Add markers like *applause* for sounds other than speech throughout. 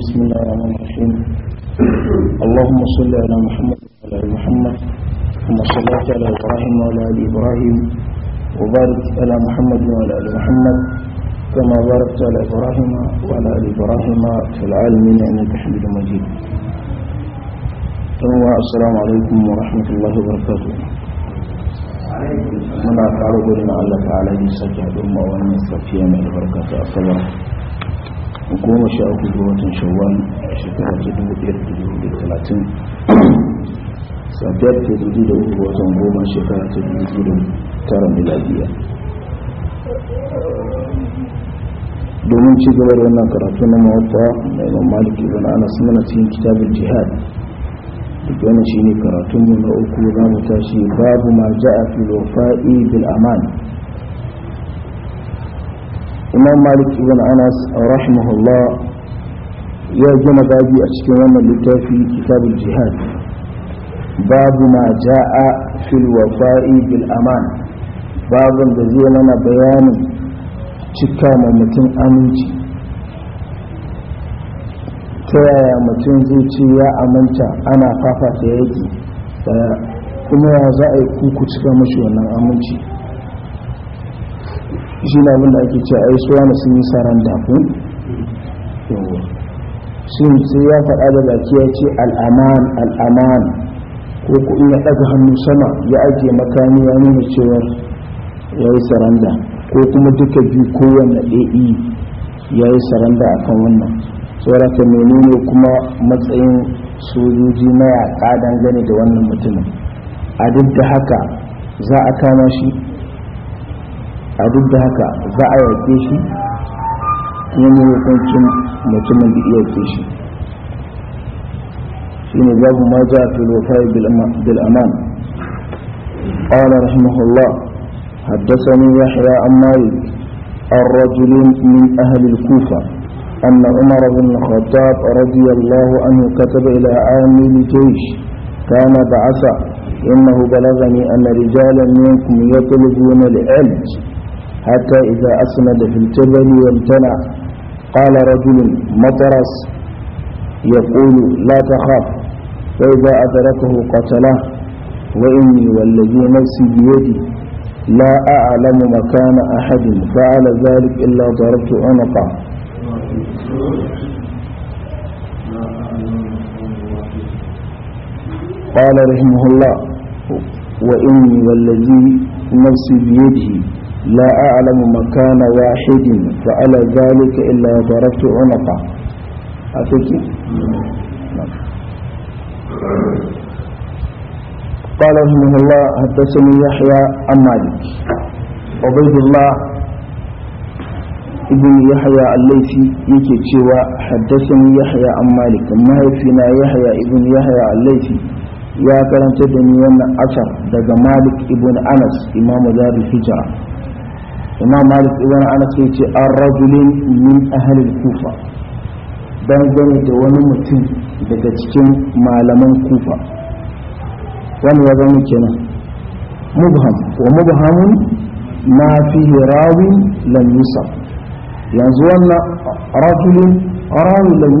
بسم الله الرحمن الرحيم اللهم صل على محمد وعلى ال محمد كما صليت على ابراهيم وعلى ال ابراهيم وبارك على محمد وعلى ال محمد كما باركت على ابراهيم وعلى ال ابراهيم في العالمين انك حميد مجيد طيب، السلام عليكم ورحمه الله وبركاته muna ƙaro gudun الله ta'ala yi sake haɗin ان wannan safiya mai albarka ta goma sha uku ga watan shawwal shekara ta dubu biyar da dubu da talatin safiyar ta dubu da uku watan goma shekara ta dubu da tara miladiya domin ci gaba da wannan karatu na mawata mai mamali ibn anas mana cikin kitabin jihad duk wani shine karatun mu na uku za mu tashi babu ma ja'a fil wafa'i bil amani imam malik ibn anas rahimahullah ya gina babi a cikin wannan littafi kitabul jihad babu ma ja'a fil wafa'i bil aman babun da zai mana bayanin cika ma mutum aminci ta yaya mutum zai ce ya aminta ana fafata yaki kuma ya za a yi kuku cika mashi wannan aminci shi na abinda ake ce a yi suwa na sun yi saran dafu shi sai ya faɗa da baki ya ce al'aman al'aman ko kuɗi ya ɗaga hannu sama ya ajiye makami ya nuna cewa ya yi saranda ko kuma duka biyu kowanne ɗa'i e ya yi saranda a kan wannan tsoraka menene kuma matsayin sojoji na yaƙa dangane da wannan mutumin a duk da haka za a kama shi a duk da haka za a yake shi kuma mai hukuncin mutumin da iya yake shi shi ne babu ma za a fi rufai bil'aman ƙwala rahimahullah haddasani yahya an malik an rajulin min ahalil kufa أن عمر بن الخطاب رضي الله عنه كتب إلى عامل جيش كان بعث إنه بلغني أن رجالا منكم يطلبون العلم حتى إذا أسند في التبن وامتنع قال رجل مطرس يقول لا تخاف فإذا أدركه قتله وإني والذي نفسي بيدي لا أعلم مكان أحد فعل ذلك إلا ضربت عنقه قال رحمه الله وإني والذي نفسي بيده لا أعلم مكان واحد فعلى ذلك إلا ضربت عنقه أفكي قال رحمه الله حدثني يحيى عن مالك عبيد الله ابن يحيى الليثي يكي تشوى حدثني يحيى عن مالك ما فينا يحيى ابن يحيى الليثي يا كلام تدني وانا أثر دقى مالك ابن أنس إمام دار الهجرة imam malik ibn anas ya ce an rajulin min ahalin kufa dangane da wani mutum daga cikin malaman kufa wani ya zama kenan mubham wa mubhamun ma fi rawin lam yanzu wannan rajulin rawin lam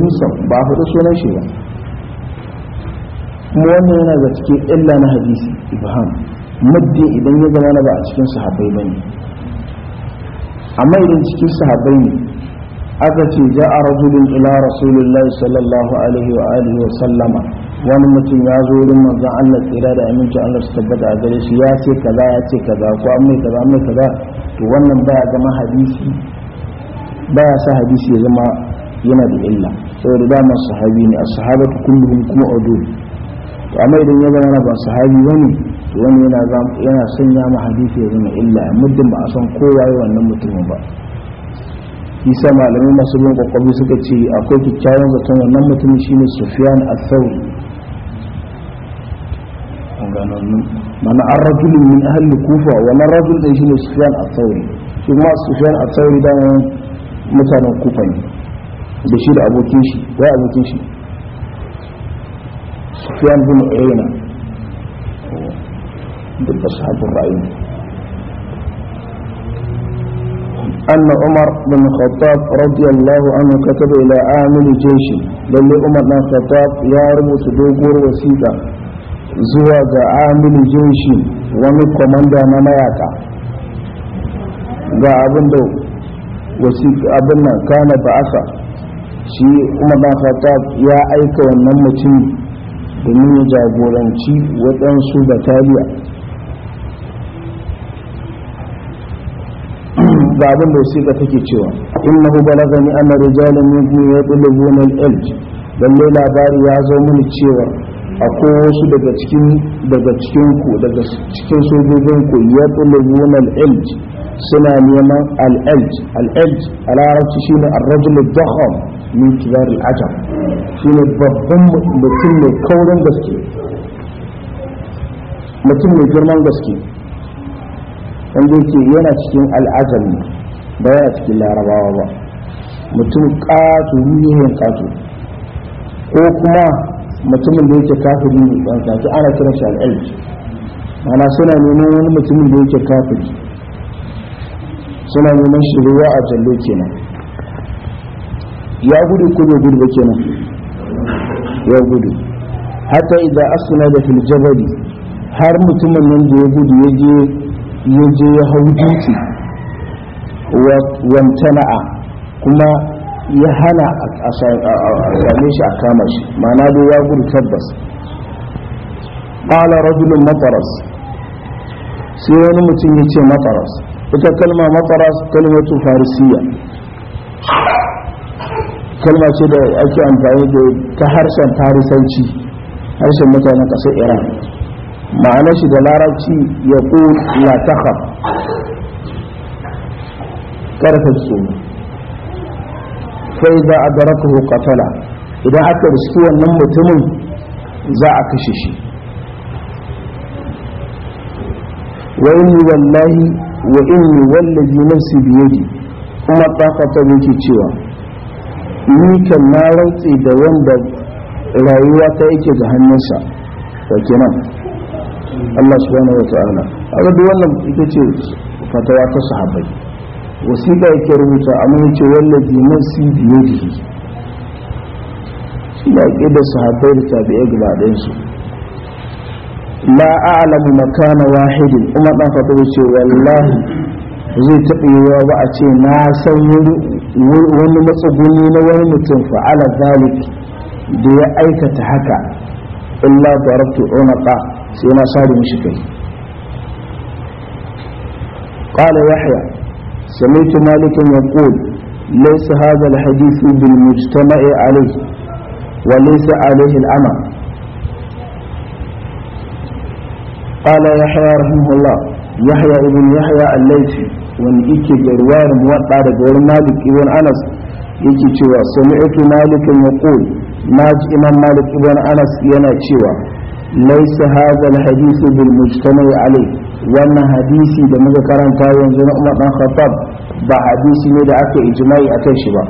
ba a sunan shi ba kuma wannan yana ga cikin illa na hadisi ibham muddin idan ya zama na ba a cikin sahabbai bane amma idan cikin sahabbai ne aka ce ja'a rajulun ila rasulullahi sallallahu alaihi wa alihi wa sallama wani mutum ya zo wurin manzon Allah tsira da aminci Allah su tabbata a gare shi ya ce kaza ya ce kaza ko an mai kaza an mai kaza to wannan baya zama hadisi baya sa hadisi ya zama yana da illa saboda dama sahabi ne as-sahabatu kulluhum kuma udul to amma idan ya zama ba sahabi bane wani yana sanya mu hadisi ya zama illa muddin ba a san kowa yi wannan mutumin ba isa malamai masu bin kwakwabi suka ce akwai kyakkyawan zaton wannan mutumin shine sufiyan al-thawri an gano nan mana an rajulu min ahli kufa wannan rajul din shine sufiyan al-thawri kuma sufiyan al-thawri da mutanen kufa ne da shi da abokin shi wai abokin shi sufiyan bin uyayna duk ba sahabin rayu أن عمر بن الخطاب رضي الله عنه كتب إلى عامل جيش بل عمر بن الخطاب يا رب سدوغور زواج عامل جيش ومن كوماندا نماياتا ga abin da abin nan kana ba aka shi umar dan khattab ya aika wannan mutum domin ya jagoranci waɗansu bataliya ga abin da wasiƙa take cewa innahu balagani anna rijalan minkum yatlubuna al-ilm lalle labari ya zo mini cewa akwai wasu daga cikin daga cikin ku daga cikin sojojin ku yatlubuna al-ilm suna neman al-ilm al-ilm a larabci shine ar-rajul ad-dakham min kibar al-ajam shine babban mutum mai kaurin gaske mutum mai girman gaske wanda yake yana cikin al'ajabi ba yana cikin larabawa ba mutum ƙato yin ƙato ko kuma mutumin da yake kafiri ne ɗan ƙato ana kira shi al'ilj mana suna neman wani mutumin da yake kafiri suna neman shiriwa a jallo kenan ya gudu ko bai gudu ba kenan ya gudu hatta idan asuna da filjabari har mutumin nan da ya gudu ya je ya je ya hau dutse wantana'a kuma ya hana a same shi a kama shi ma'ana dai ya gudu tabbas ƙala rajulun mataras sai wani mutum ya ce mataras ita kalma mataras kalmatu farisiya kalma ce da ake amfani da ta harshen farisanci harshen mutanen ƙasar iran ma'ana shi da larabci ya ku la takhaf karfa sai za a darakahu qatala idan aka riski wannan mutumin za a kashe shi wa inni wallahi wa inni wallahi nafsi bi yadi kuma ta yake cewa ni kan na rantsi da wanda rayuwa ta yake ga hannunsa wa kenan Allah subhanahu wa ta'ala aga duk wannan ita ce fatawa ta sahabbai wasiƙa yake rubuta amma ce yace si nafsi biyadihi shi ya ke da sahabbai da tabi'ai gaba ɗayan su la a'lamu makana wahidin kuma dan fatawa yace wallahi zai taɓa yiwuwa ba a ce na san wani matsuguni na wani mutum fa'ala zalik da ya aikata haka illa darabtu unaqa sai na sare mishi kai qala yahya sami'tu malikan yaqul laysa hadha alhadith bil mujtama'i alayhi wa laysa alayhi al'ama qala yahya rahimahullah yahya wani yake da ruwayar daga wurin malik ibn anas yake cewa sami'tu malikan yaqul na imam malik ibn anas yana cewa laisa ليس هذا الحديث بالمجتمع عليه wannan hadisi da muka karanta yanzu na Umar bin Khattab ba hadisi ne da aka ijma'i akan shi ba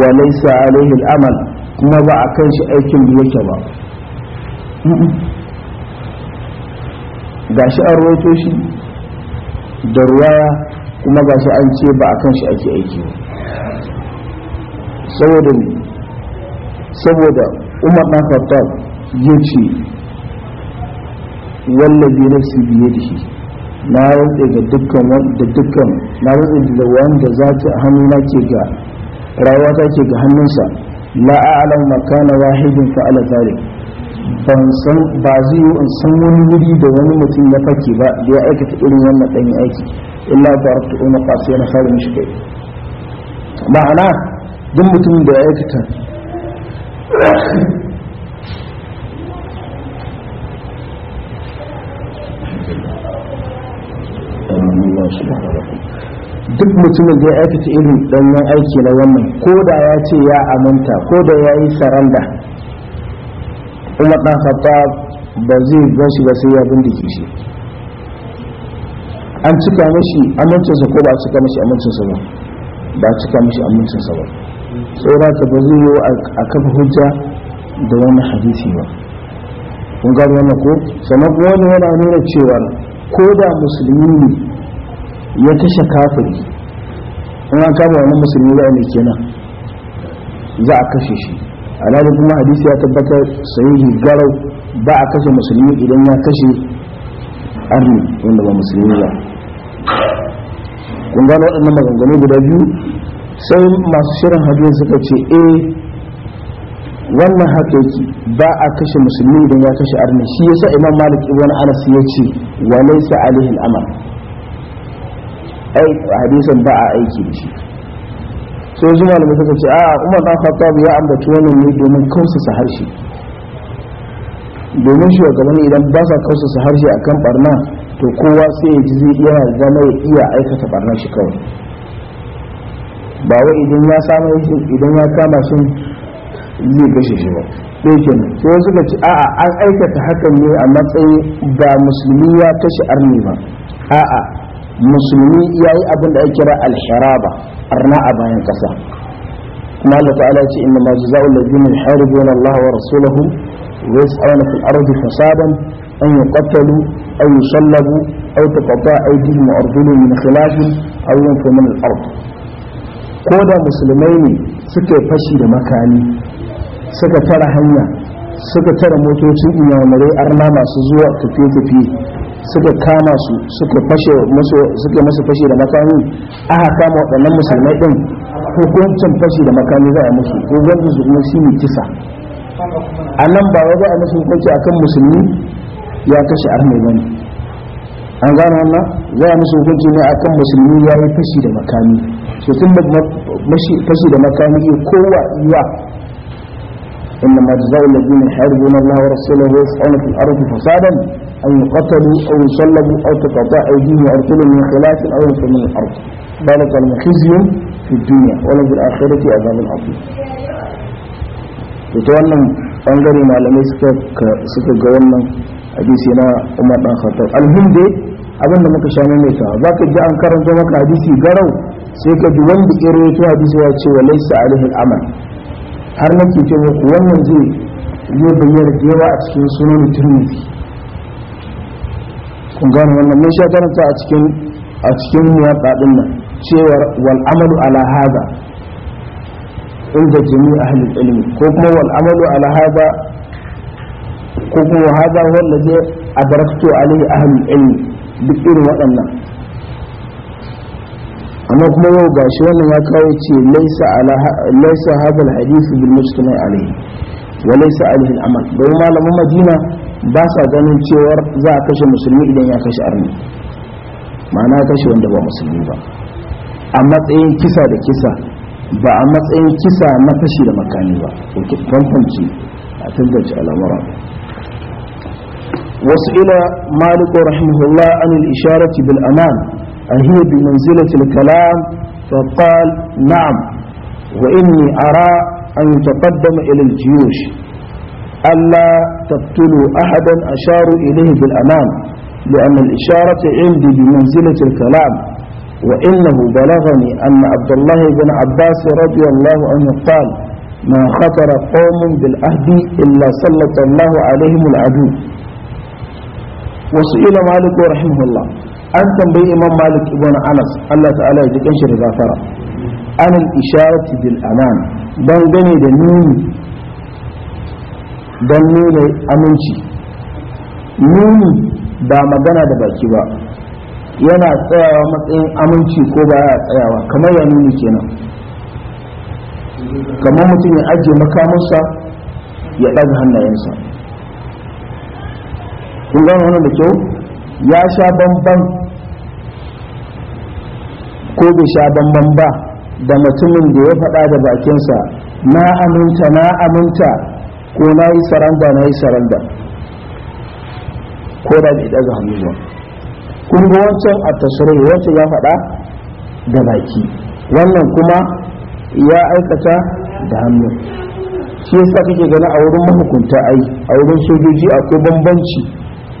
wa laysa amal kuma ba akan shi aikin da yake ba gashi an roto shi da ruwaya kuma gashi an ce ba akan shi ake aiki ba saboda saboda umar dan khattab ya ce wallazi nafsi biyadihi na rantsa ga dukkan da dukkan na rantsa da wanda zaki a hannu na ke ga rayuwa ta ke ga hannunsa la a'lam makana wahidin fa'ala zalik ban san ba zai yi in san wani wuri da wani mutum ya fake ba da ya aikata irin wannan ɗanyi aiki illa ba ta umar fasiyar harin shi kai ma'ana duk mutum da ya aikata duk mutumin da ya aikata irin ɗanyen aiki na wannan ko da ya ce ya aminta ko da ya yi saranda kuma ɗan hatta ba zai gashi ba sai ya bindike shi an cika mashi amincinsa ko ba a cika mashi amincinsa ba ba a cika mashi amincinsa ba saura ka ba zai yi a kafa hujja da wani hadisi ba kun gano wannan ko sannan kuma wani yana nuna cewa ko da musulmi ne ya kashe kafiri in an kama wani musulmi ba ne kenan za a kashe shi alhali kuma hadisi ya tabbatar sahihi garau ba a kashe musulmi idan ya kashe arni wanda ba musulmi ba kun gano waɗannan maganganu guda biyu sai masu shirin hadiyar suka ce eh wannan haka yake ba a kashe musulmi idan ya kashe arni shi yasa imam malik ibn anas ya ce wa laysa alaihi al'amal ai hadisin ba a aiki da shi sai zuwa da suka ce a ah, umar fata khattab ya ambaci wannan ne domin kausa harshe domin shugabanni idan ba sa kausa harshe akan barna to kowa sai ya ji zai iya zama ya iya aikata barna shi kawai ba wai idan ya samu shi idan ya kama shi zai kashe shi ba sai kenan sai suka ce a'a an aikata hakan ne a matsayin ba musulmi ya kashe arni ba a'a musulmi ya yi abin da ake kira alharaba arna a bayan kasa kuma Allah ta'ala ce inna ma jazaa'ul ladina yuharibuna Allah wa rasulahu wa yas'aluna fil ardi fasadan an yuqtalu aw yusallabu aw tuqta'a aydihim wa arjuluhum min khilafin aw yunfu min al-ard ko da musulmai ne suke fashi da makami suka tara hanya suka tara motocin inyamurai arna masu zuwa tafiye-tafiye suka kama su suka fashe suka masu fashe da makami aka kama waɗannan musulmai ɗin hukuncin fashi da makami za a musu hukuncin su kuma shi kisa a nan ba wai za a musu hukunci akan musulmi ya kashe arna bane an gano wannan za a musu hukunci ne akan musulmi ya yi fashi da makami so tun da fashi da makami ya kowa iya إنما جزاء الذين يحاربون الله ورسوله ويسعون في الأرض فسادا أن يقتلوا أو يصلبوا أو تقطع أيديهم وأرجلهم من خلاف أو ينفوا من الأرض ذلك الخزي في الدنيا في الآخرة عذاب عظيم to ta wannan bangare malamai suka ga wannan hadisi na Umar dan Khattab alhinde abin da muka shamu mai sawa zaka ji an karanta maka hadisi garau sai ka ji wanda ke rawaito hadisi ya ce wa laysa alaihi al'amal har nake ce muku wannan zai yi bayyana da yawa a cikin sunan Tirmidhi kun gane wannan mun sha karanta a cikin a cikin muwatta din nan cewar wal amalu ala hada inda jami'a ahli ilmi ko kuma wal amalu ala hada ko kuma hada huwa allazi adraktu alaihi ahlul ilmi duk irin waɗannan amma kuma yau gashi wannan ya kawo ce laisa ala laisa hada alhadith bil mujtama alaihi wa laisa alaihi al'amal don malamin madina ba sa ganin cewar za a kashe musulmi idan ya kashe arni ma'ana kashe wanda ba musulmi ba a matsayin kisa da kisa ba a matsayin kisa na fashi da makami ba ko bambanci a tantance al'amuran وسئل مالك رحمه الله عن الإشارة بالأمان أهي بمنزلة الكلام فقال نعم وإني أرى أن يتقدم إلى الجيوش ألا تقتلوا أحدا أشاروا إليه بالأمان لأن الإشارة عندي بمنزلة الكلام وإنه بلغني أن عبد الله بن عباس رضي الله عنه قال ما خطر قوم بالعهد إلا سلط الله عليهم العدو wasu ila malik wa rahimahullah an tambayi imam malik ibn anas Allah ta'ala ya ji da gafara an al-isharati bil aman dan gane da nuni dan nuna aminci nuni ba magana da baki ba yana tsayawa matsayin aminci ko ba ya tsayawa kamar ya nuni kenan kamar mutum ya ajiye makamansa ya ɗaga hannayensa kun gane wannan da kyau ya sha bamban ko bai sha bamban ba da mutumin da ya faɗa da bakinsa na aminta na aminta ko na yi saranda na yi saranda ko da bai ɗaga hannu ba kun ga wancan a tasirai wancan ya faɗa da baki wannan kuma ya aikata da hannu shi yasa kake gani a wurin mahukunta ai a wurin sojoji akwai bambanci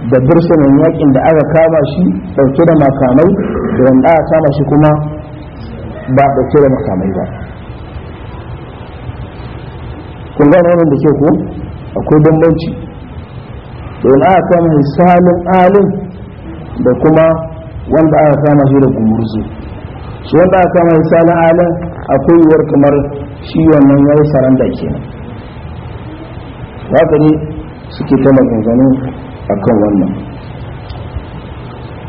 da bursunan yakin da aka kama shi dauke da makamai da aka kama shi kuma ba dauke da makamai ba kun gane wannan da ke ko akwai bambanci da aka kama shi salin alin da kuma wanda aka kama shi da gumurzu shi wanda aka kama shi salin alin akwai yiwuwar kamar shi wannan yayi saranda kenan haka ne suke ta maganganu akan wannan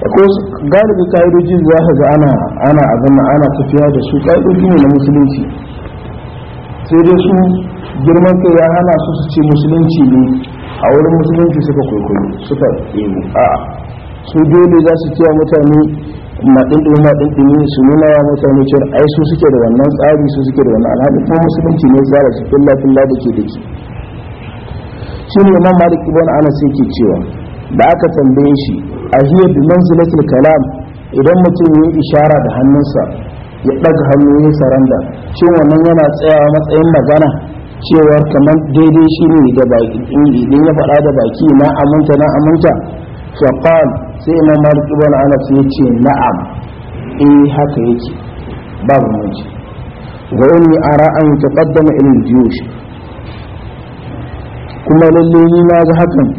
akwai galibi ka'idoji za ka ga ana ana abin ana tafiya da su ka'idoji ne na musulunci sai dai su girman kai ya hana su su ce musulunci ne a wurin musulunci suka kwaikwayo suka ɗebo a su dole za su ce mutane maɗinɗin maɗinɗin su nuna wa mutane cewa ai su suke da wannan tsari su suke da wannan alhaɗin kuma musulunci ne tsara su filla filla da ke da ke shi ne imam malik ibn anas yake cewa da aka tambaye shi a hiya bi manzilatul kalam idan mutum ya ishara da hannunsa ya ɗaga hannu ya saranda shin wannan yana tsayawa matsayin magana cewar kamar daidai shi ne da baki idan ya faɗa da baki na aminta na aminta qal sai imam malik ibn anas ya ce na'am eh haka yake babu mutunci wa inni ara an taqaddama ilal jiyush kuma lalle ni na ga hakan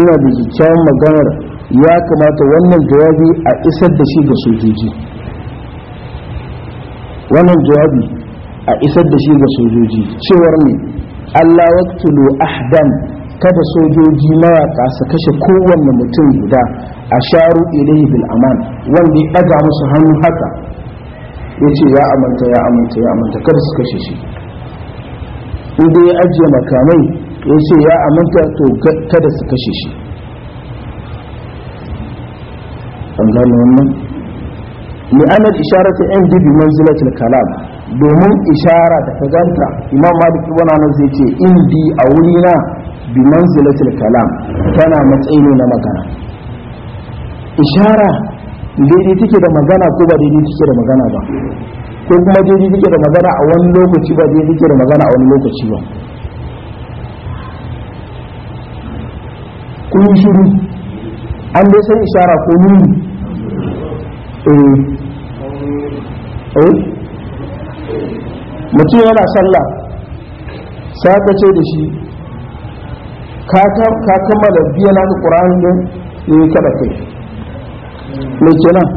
ina da kyakkyawan maganar ya kamata wannan jawabi a isar da shi ga sojoji wannan jawabi a isar da shi ga sojoji cewar ne Allah waqtulu ahdan kada sojoji mawaƙa su kashe kowanne mutum guda a sharu ilayhi bil aman wanda ya ɗaga musu hannu haka ya ce ya amanta ya amanta ya amanta kada su kashe shi in dai ya ajiye makamai ya ce ya aminta to kada su kashe shi an gano wannan ana isharar ta yan dubi manzilatul kalam domin ishara da ta ganta imam malik ibn anas zai ce indi a wuri na bi manzilatul kalam tana matsayi na magana ishara daidai take da magana ko ba daidai take da magana ba ko kuma daidai take da magana a wani lokaci ba daidai take da magana a wani lokaci ba kun yi shiru an dai san ishara ko nuni eh. eh mutum yana sallah sai ka ce da shi ka kammala biya na eh, ka ƙura'an ɗin ya yi kada kai mai kenan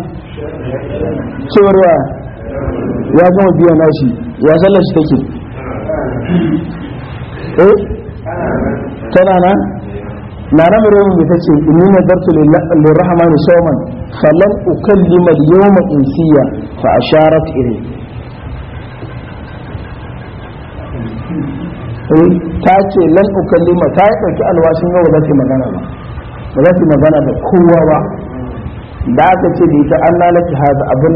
cewar ya ya gama biya na shi ya sallar shi take eh tana na nana maryamu ita ce inni nadartu lirrahmani sawman falan ukallima al-yawma insiya fa asharat ilayhi eh, ta ce lan ukallima ta yi ɗauki alwashin yau za ta magana ba ba da kowa ba da ce da ita an haza abin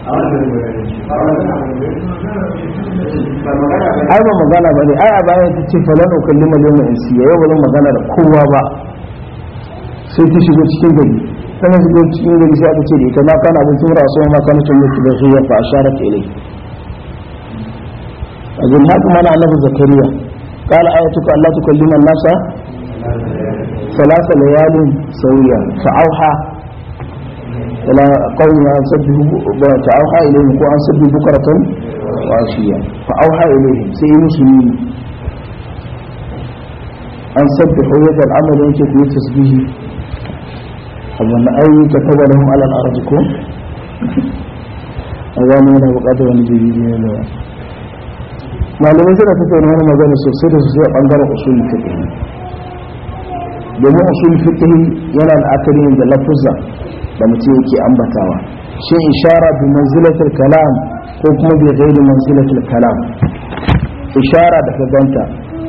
ai ba magana ba ne ai a baya ta ce falon okalli malama in siya yau ba magana da kowa ba sai ta shigo cikin gari na shigo cikin gari sai aka ce da ita ma kana abokin rasuwa ma kana tun mutu da zuwa a ashara ta ilai a jin haka mana annabi zakariya قال آيتك ألا تكلم nasa salasa layalin سويا فأوحى ولا قوم أن سبه فأوحى إليهم أن سبه بكرة وعشية فأوحى إليهم سيئ مسلمين أن سبحوا هذا العمل ينكي في تسبيه أظن أي كتب لهم على الأرضكم أظن هنا وقدر نجيبين الله malamai suna tattauna wani magana السلسلة da sosai a ɓangaren domin shirin fiqh yana la'akari da lafuzza da mutum yake ambatawa shi ishara bi manzilatul kalam ko kuma bi ghairi manzilatul kalam ishara da ka ganta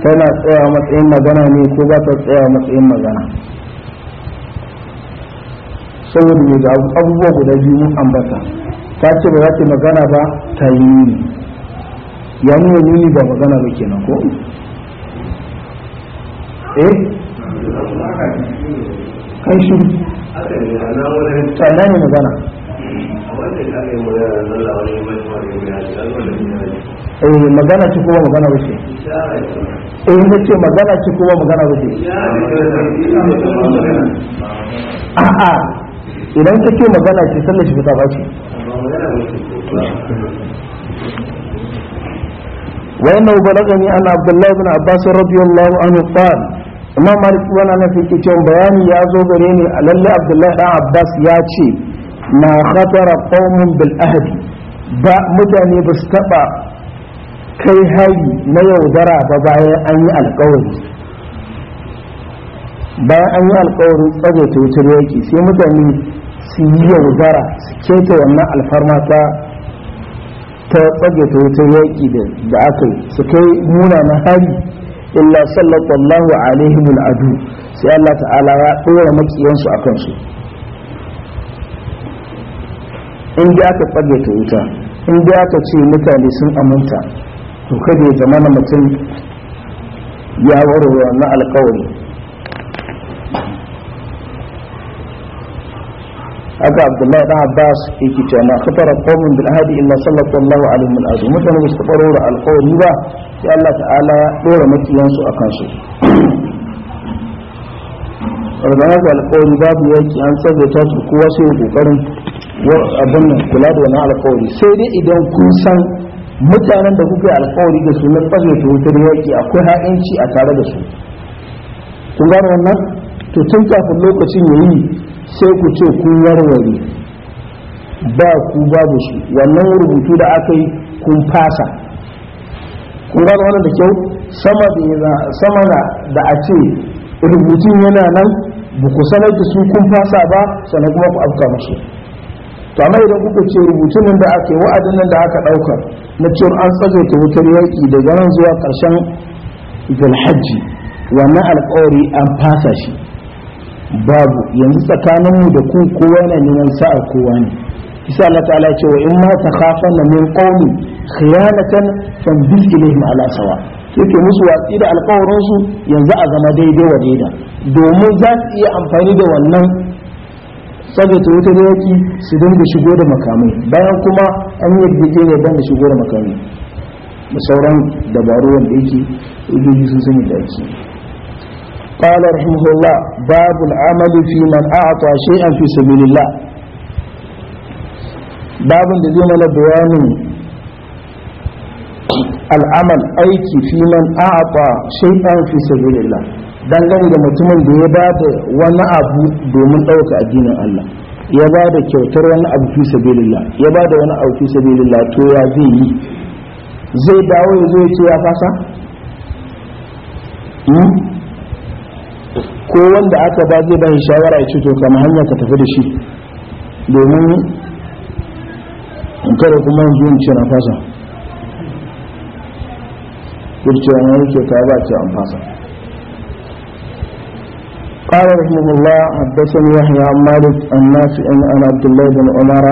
tana tsaya matsayin magana ne ko ba ta tsaya matsayin magana saboda ne ga abubuwa guda biyu mun ambata ta ce ba za ta magana ba ta yi nuni ya nuna nuni ba magana ba kenan ko eh kai shi sannan ne magana eh magana ci kuma magana wuce eh na ce magana ci kuma magana wuce a'a idan ka ce magana ce sallar shi fita ba ce وإنه بلغني أن عبد Abdullahi بن عباس رضي الله عنه imam malik wani ana fi cewa bayani ya zo gare ni lalle abdullahi dan abbas ya ce na khatara qaumun bil ahdi ba mutane ba su taba kai hari na yaudara ba bayan an yi alkawari bayan an yi alkawarin tsage ta wutar yaki sai mutane su yi yaudara su keta wannan alfarma ta ta tsage ta wutar yaki da aka yi su kai na hari illa sallallahu alaihim adu sai Allah ta'ala ya ɗora makiyansu a kansu in da aka fage ta wuta in da aka ce mutane sun aminta to kada ya zama mutum ya warware na alkawari haka abdullahi dan abbas yake cewa ma khatara qawmin bil ahadi illa sallallahu alaihi wa adu, mutane ba su taɓa alkawari ba sai Allah ta'ala ya ɗora makiyansu a kansu organize alkawari babu yaki an ta su kowa sai ya ƙoƙarin abin nan kula da wani alkawari sai dai idan kun san mutanen da kuka yi alkawari da su nan ta wutar yaki akwai ha'inci a tare da su kun gano wannan to tun kafin lokacin ya yi sai ku ce kun warware ba ku babu su wannan rubutu da aka yi kun fasa kun gano wannan da kyau sama da sama da a ce rubutun yana nan ba ku sanar su kun fasa ba sanar kuma ku afka musu to amma idan kuka ce rubutun nan da aka yi wa'adin nan da aka ɗauka na cewa an ta wutar yaƙi daga nan zuwa ƙarshen zulhajji wannan alƙawari an fasa shi babu yanzu tsakaninmu da ku kowa yana neman sa'a kowa ne isa Allah ta'ala ce wa in ma na min qawmi khiyanatan fambil ilayhim ala sawa yake musu watsi da alƙawarin yanzu a zama daidai wa daida domin za su iya amfani da wannan saboda wutar yaki su dinga shigo da makamai bayan kuma an yi bige ne dan shigo da makamai da sauran dabaru wanda yake idoji sun sani da ake قال رحمه الله باب العمل في من أعطى شيئا في سبيل الله babin da zai mana bayanin al'amal aiki fi man a'ata shay'an fi sabilillah dangane da mutumin da ya ba da wani abu domin ɗauka addinin Allah ya ba da kyautar wani abu fi sabilillah ya ba da wani abu fi sabilillah to ya zai yi zai dawo ya zo ya ce ya fasa hmm? ko wanda aka ba zai ba shawara ya ce to kama hanya ka tafi da shi domin kada kuma yanzu yin ce na fasa kurce na yake ta ba ce an fasa قال رحمه الله حدثني يحيى عن مالك النافع عن عبد الله بن عمر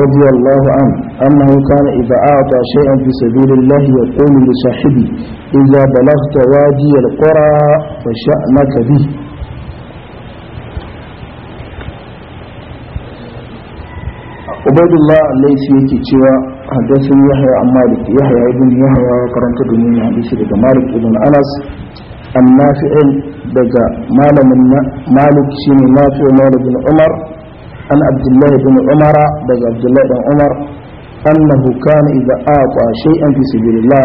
رضي الله عنه أنه كان إذا أعطى شيئا في سبيل الله يقول لصاحبه إذا بلغت وادي القرى فشأنك به ubaidullah laifi yake cewa haddasin yahya an malik yahya ibn yahya ya karanta domin ya hadisi daga malik ibn anas an nafi'in daga malamin malik shine nafi'in malik umar an abdullahi ibn umara daga abdullahi ibn umar annahu kana idza aqa shay'an fi sabilillah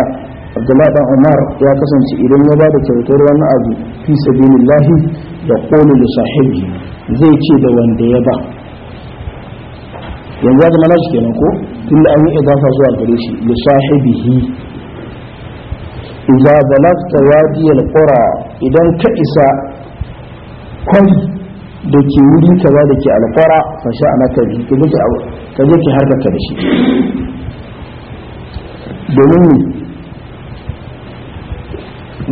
abdullahi dan umar ya kasance idan ya bada kyautar wani abu fi sabilillah da qulu li sahibi zai ce da wanda ya ba yanzu ya na nasu kenan ko tunda an yi idafa zuwa gare shi li sahibihi idza balagta wadi al-qura idan ka isa kwari da ke wuri ka kaza da ke alƙwara fa sha'anaka bi ka je ki harkata da shi domin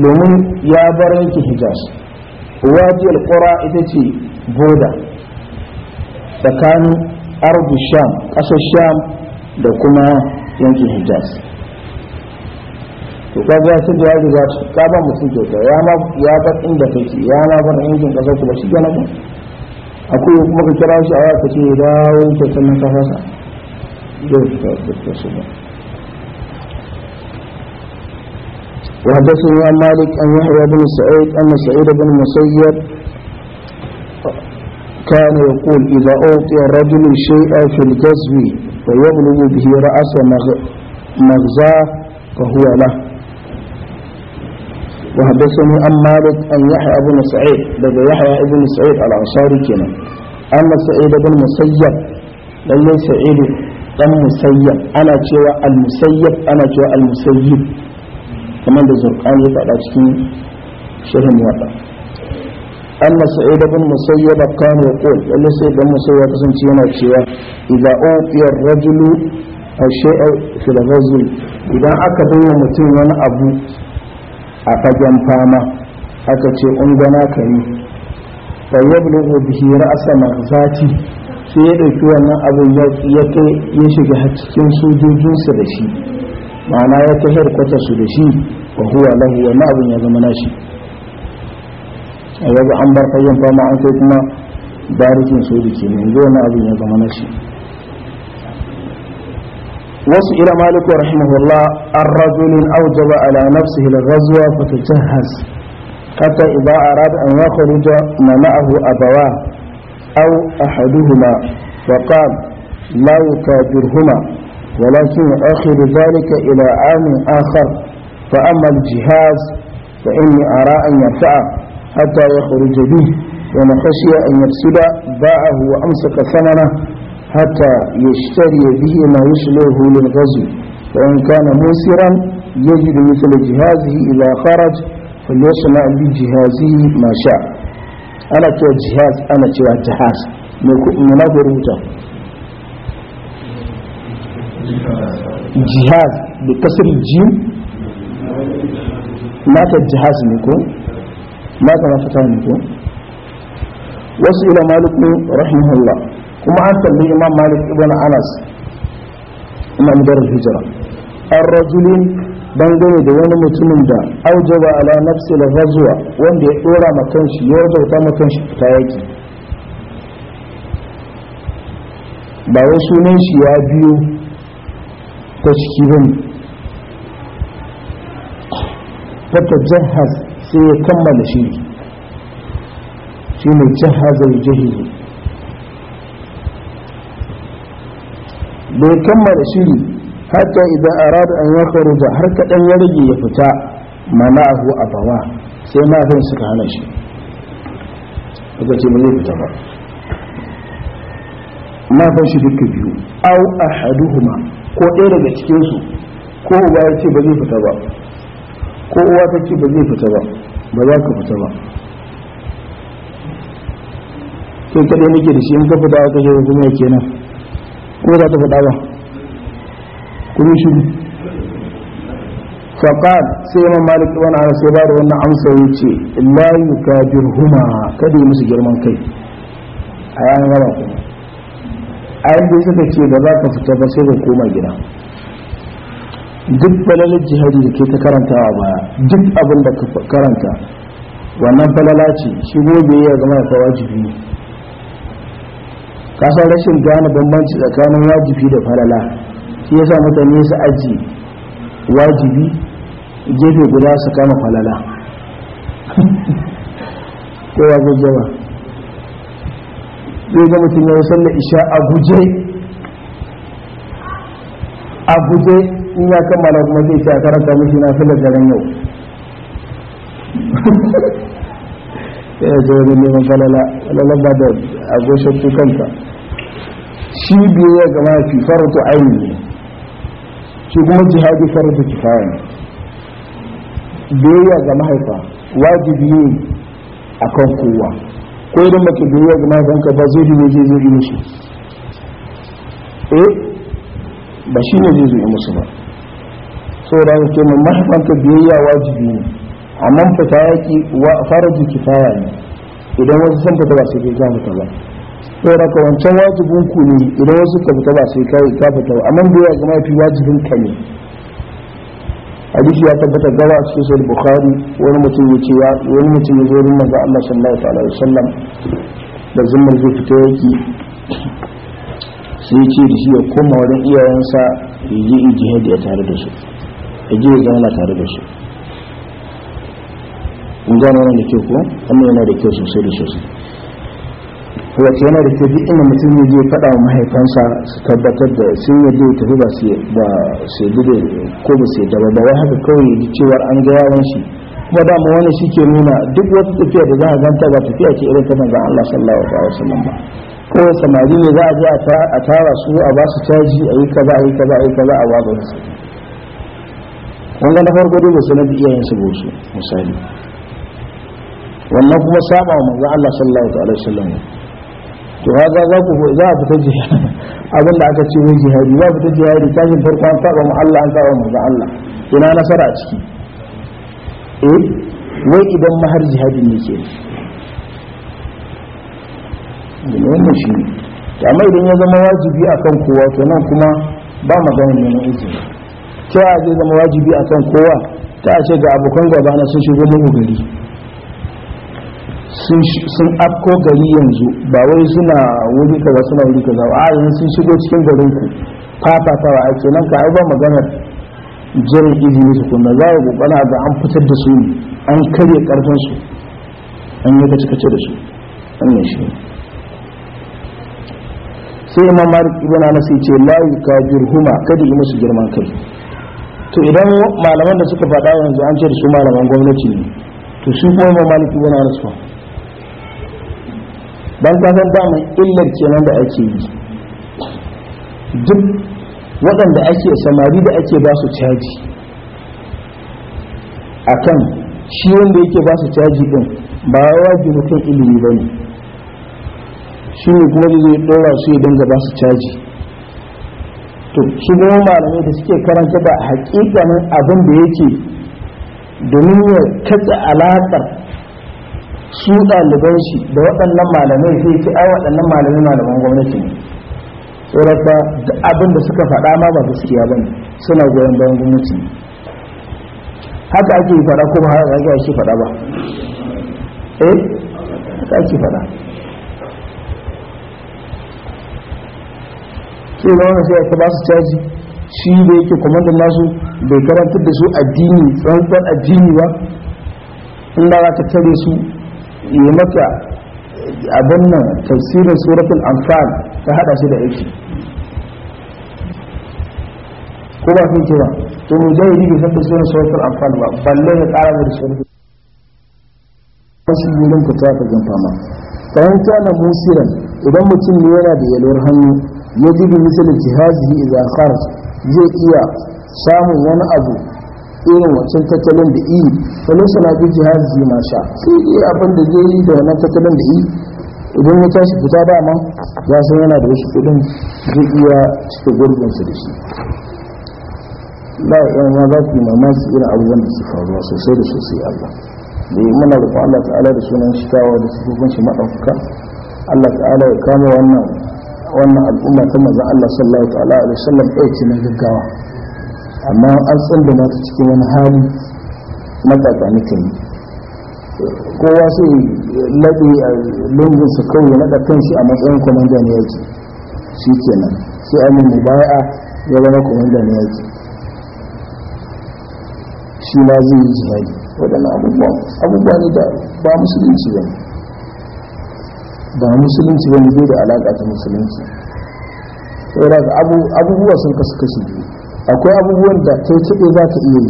domin ya bar yankin hijaz wajiyar ƙura ita ce boda tsakanin ardu sham ƙasar sham da kuma yankin hijaz to ka ga sai da ga riga ka ba mutum ta ya ma ya bar inda kake ya ma bar yankin ƙasar kuma shi gana ba akwai kuma ka kira shi a waya kace ya dawo kyautar nan ka fasa zai fita da su ba وحدثني عن مالك أن يحيى بن سعيد أن سعيد بن مسيب كان يقول إذا أعطي الرجل شيئا في الجزم ويبلغ به رأس مغزاه فهو له وحدثني عن مالك أن يحيى بن سعيد بدا يحيى بن سعيد الأنصاري كنا أن سعيد بن مسيب لن سعيد بن مسيب أنا جوا المسيب أنا جوا المسيب كمان ده زرقان يفعل أشكي شهر موضع أما سعيد بن مسيب كان يقول أن سعيد بن مسيب كان يقول إذا أوقي الرجل الشيء في الغزو إذا أكد أكبر من أبو أفجم فاما أكتي أنغنا كريم فيبلغ به رأس مغزاتي sai ya ɗauki wannan abin ya kai ya shiga cikin sojojinsa da shi ma'ana ya ta harkwata su da shi wa huwa lahu wannan abin ya zama nashi a an bar fagen fama an kai kuma barikin soji ke yanzu na abin ya zama nashi wasu ila maliku rahimahullah an rajulin aujaba ala nafsihi razwa ghazwa fatajahhaz hatta a arada an yakhruja mana'ahu abawa aw ahaduhuma wa qala لا يكابرهما ولكن يؤخر ذلك إلى عام آخر jihaz الجهاز فإني أرى أن يرفعه حتى يخرج به ومن خشي أن يفسد باعه وأمسك ثمنه حتى يشتري به ما يشله للغزو وإن كان موسرا يجد مثل جهازه إذا خرج فليصنع بجهازه ما شاء أنا ترى جهاز أنا ترى جهاز من أبروتا جهاز بكسر الجيم مات الجهاز نكون la salata ta ne wasu ila maliku rahimahullah kuma an tambayi imam malik ibn anas imam darul hijra an rajulin dangane da wani mutumin da aujaba ala nafsi la ghazwa wanda ya dora makan shi ya wajauta makan shi fita yaki ba wai sunan shi ya biyo ta ciki bane sai ya kammala shiri shi ne jihazar jihihi bai kammala shiri hatta idan arada an ya da har kaɗan ya rage ya fita mana na'ahu a bawa sai mahaifin suka hana shi daga ce mai fita ba mahaifin shi duka biyu au a haduhuma ko ɗaya daga cikinsu ko uwa ya ce ba zai fita ba ko uwa ta ce ba zai fita ba ba za ka fita ba sai kaɗai nake da shi in ka fita aka shi kuma ya kenan ko za ta fita ba kuma shi faƙad sai imam malik wani ana sai ba da wannan amsa ya ce la yukabir huma kada yi musu girman kai a yanar gaba kuma a yanda suka ce da za ka fita ba sai ka koma gida duk balalar jihadi da ke ta karanta a baya duk abin da ka karanta wannan balala ce shi gobe ya zama da wajibi kasar rashin gane bambanci tsakanin wajibi da falala shi yasa mutane su aji wajibi gefe guda su kama falala *laughs* ko ya zai jama zai ga mutum ya yi sallar isha a guje a guje in ya kammala kuma zai shi a karanta mishi na filar ran yau ya zo wani neman kalala falala ba da agoshin tukanta shi biyu ya gama fi ta aini shi kuma jihadi ta kifaya biyu biyayya ga haifa wajibi ne a kan kowa ko idan biyu biyayya gama haifa ba zai ne zai zai musu eh ba shi ne zai zai musu ba saboda haka kenan mahimmancin biyayya wajibi ne amma fita yaki wa faraji kifaya ne idan wasu sun fita ba sai kai ka fita ba saboda haka wancan wajibin ku ne idan wasu ka fita ba sai kai ka fita ba amma biyayya ga mafi wajibin ka ne hadisi ya tabbata gaba a cikin sahih bukhari wani mutum ya ce wani mutum ya zo wurin manzo Allah sallallahu alaihi wasallam da zumar zai fita yaki sai ce da shi ya koma wurin iyayensa ya je ijihadi ya tare da su ya je ya tare da shi in gano wani da kyau ko wannan yana da kyau sosai da sosai wata yana da kyau duk inda mutum ya je faɗa wa mahaifansa su tabbatar da sun ya je tafi ba su ba su ko ba su yadda ba ba wai haka kawai ji cewa an ga yawon shi kuma dama wani shi ke nuna duk wata tafiya da za a ganta ba tafiya ce irin ta ga Allah sallallahu alaihi wasallam ba kawai samari ne za a je a tara su a ba su caji a yi kaza a yi kaza a yi kaza a wagon su kun na farko dai ba sanar da iyayen su gosu misali wannan kuma saba wa manzo Allah sallallahu alaihi wasallam to haka za ku za a fita jihadi *laughs* abin da aka ce wai jihadi za a fita jihadi tashin farko an saba mu Allah an saba ga Allah ina nasara a ciki eh wai idan ma har jihadi ne ke ne shi ne amma idan ya zama wajibi akan kowa to nan kuma ba magana ne na izini cewa zai zama wajibi kan kowa ta ce ga abokan gaba na sun shigo muku gari sun afko gari yanzu ba wai suna wuri kaza suna wuri kaza a yanzu sun shigo cikin garin ku fafatawa a kenan ka ai ba maganar jiran izini su kunna za a kokana ga an fitar da su an karya karfin su an yi kace kace da su an yi shi sai imam malik ibn anas sai ce la yukajirhuma kada yi musu girman kai to idan malaman da suka faɗa yanzu an ce da su malaman gwamnati ne to su kuma ma maliki wani su dan kasan dama illar kenan da ake yi duk waɗanda ake samari da ake ba su caji akan shi wanda yake ba su caji din ba wa gina mutum ilimi ba ne shi ne kuma zai ɗora su ya dinga ba su caji to shi kuma malamai da suke karanta da hakikanin abin da yake domin ya katsa alaƙar su ɗaliban shi da waɗannan malamai sai ce a waɗannan malamai malaman gwamnati ne tsoraka da abin da suka faɗa ma ba gaskiya ba ne suna goyon bayan gwamnati ne haka ake faɗa kuma haka ake faɗa ba eh haka ake faɗa sai da wannan sai ya ba su caji shi da yake kwamandan nasu bai karantar da su addini tsantsan addini ba in da ka tare su yi maka abin nan tafsirin suratul anfal ta hada shi da aiki ko ba sun kira to mu dai yi san tafsirin suratul anfal ba balle ya ƙara da suratul wasu yurin ku ta ka gan fama fahimta na musiran idan mutum ne yana da yalwar hannu yajibu misali jihazihi idza kharaj zai iya samun wani abu irin wancan tattalin da yi wani suna bi jihazihi ma sha sai iya abin da zai yi da wannan tattalin da yi idan ya tashi fita dama ya san yana da wasu kudin zai iya cike gurbinsa da shi ba yan ya za ku mamaki irin abubuwan da ke faruwa sosai da sosai Allah da yi muna rufa Allah ta'ala da sunan shi da sufofin shi maɗaukaka Allah ta'ala ya kama wannan wannan al'umma ta maza Allah sallallahu ta'ala alaihi wasallam ɗauki na gaggawa amma an tsandana ta cikin wani hali na kakani kan kowa sai laɗe a lungun su kawai na kan shi a matsayin kwamanda na yaki shi kenan sai yi mubaya ya zama kwamanda na yaki shi ma zai yi jihadi waɗannan abubuwa abubuwa ne da ba musulunci ba ne ba musulunci ba ne da alaƙa ta musulunci saboda abubuwa sun kasu kashi biyu akwai abubuwan da ta kiɗe za ta iya yi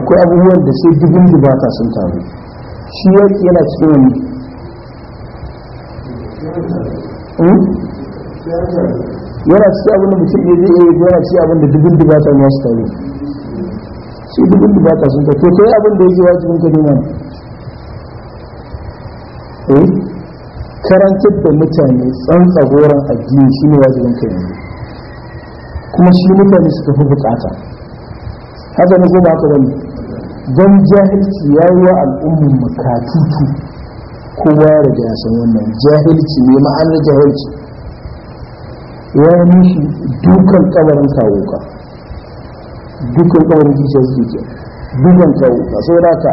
akwai abubuwan da sai dubin da ba ta sun taru shi yana cikin wani hmm? yana cikin abin da mutum ya zai iya yana cikin abin da dubin da ba ta masu taru shi dubin da ba ta sun taru to kai abin da yake wajibin ka ne karantar da mutane tsagoran addini shi ne wajibin ka yanzu kuma shi mutane suka fi bukata haka na goma ka wani don jahilci ya yi wa al'ummar makatutu kowa ya riga ya san wannan jahilci ne ma'anar jahilci ya yi mishi dukan kabarin kawo ka dukan kabarin jijiyar zuciya dukan kawo ka saboda ka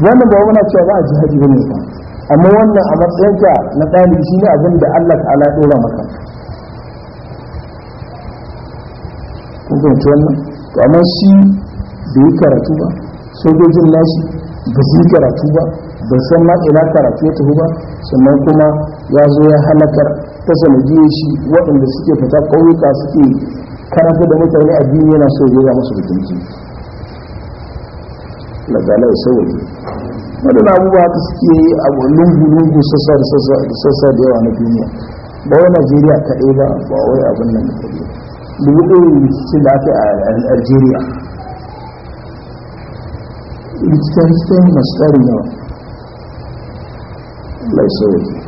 wannan ba wani cewa ba a jihadi ne ba amma wannan a matsayinka na ɗalibi shi ne abin da Allah ta'ala ɗora maka kun wannan to amma shi bai yi karatu ba sojojin nashi ba su karatu ba ba san ma ina karatu ya tafi ba sannan kuma ya zo ya halakar ta sanadiyar shi waɗanda suke fita ƙauyuka suke karatu da mutane a biyu yana so ya masu mutunci. Lagala ya waɗanda abubuwa ta suke yi a lungu-lungu sassa da yawa na duniya ba wai najeriya kaɗai ba ba wai abin nan da kaɗai da ɗaya rikicin da aka yi a algeria rikice-rikice masu tsari na laisoyi sauri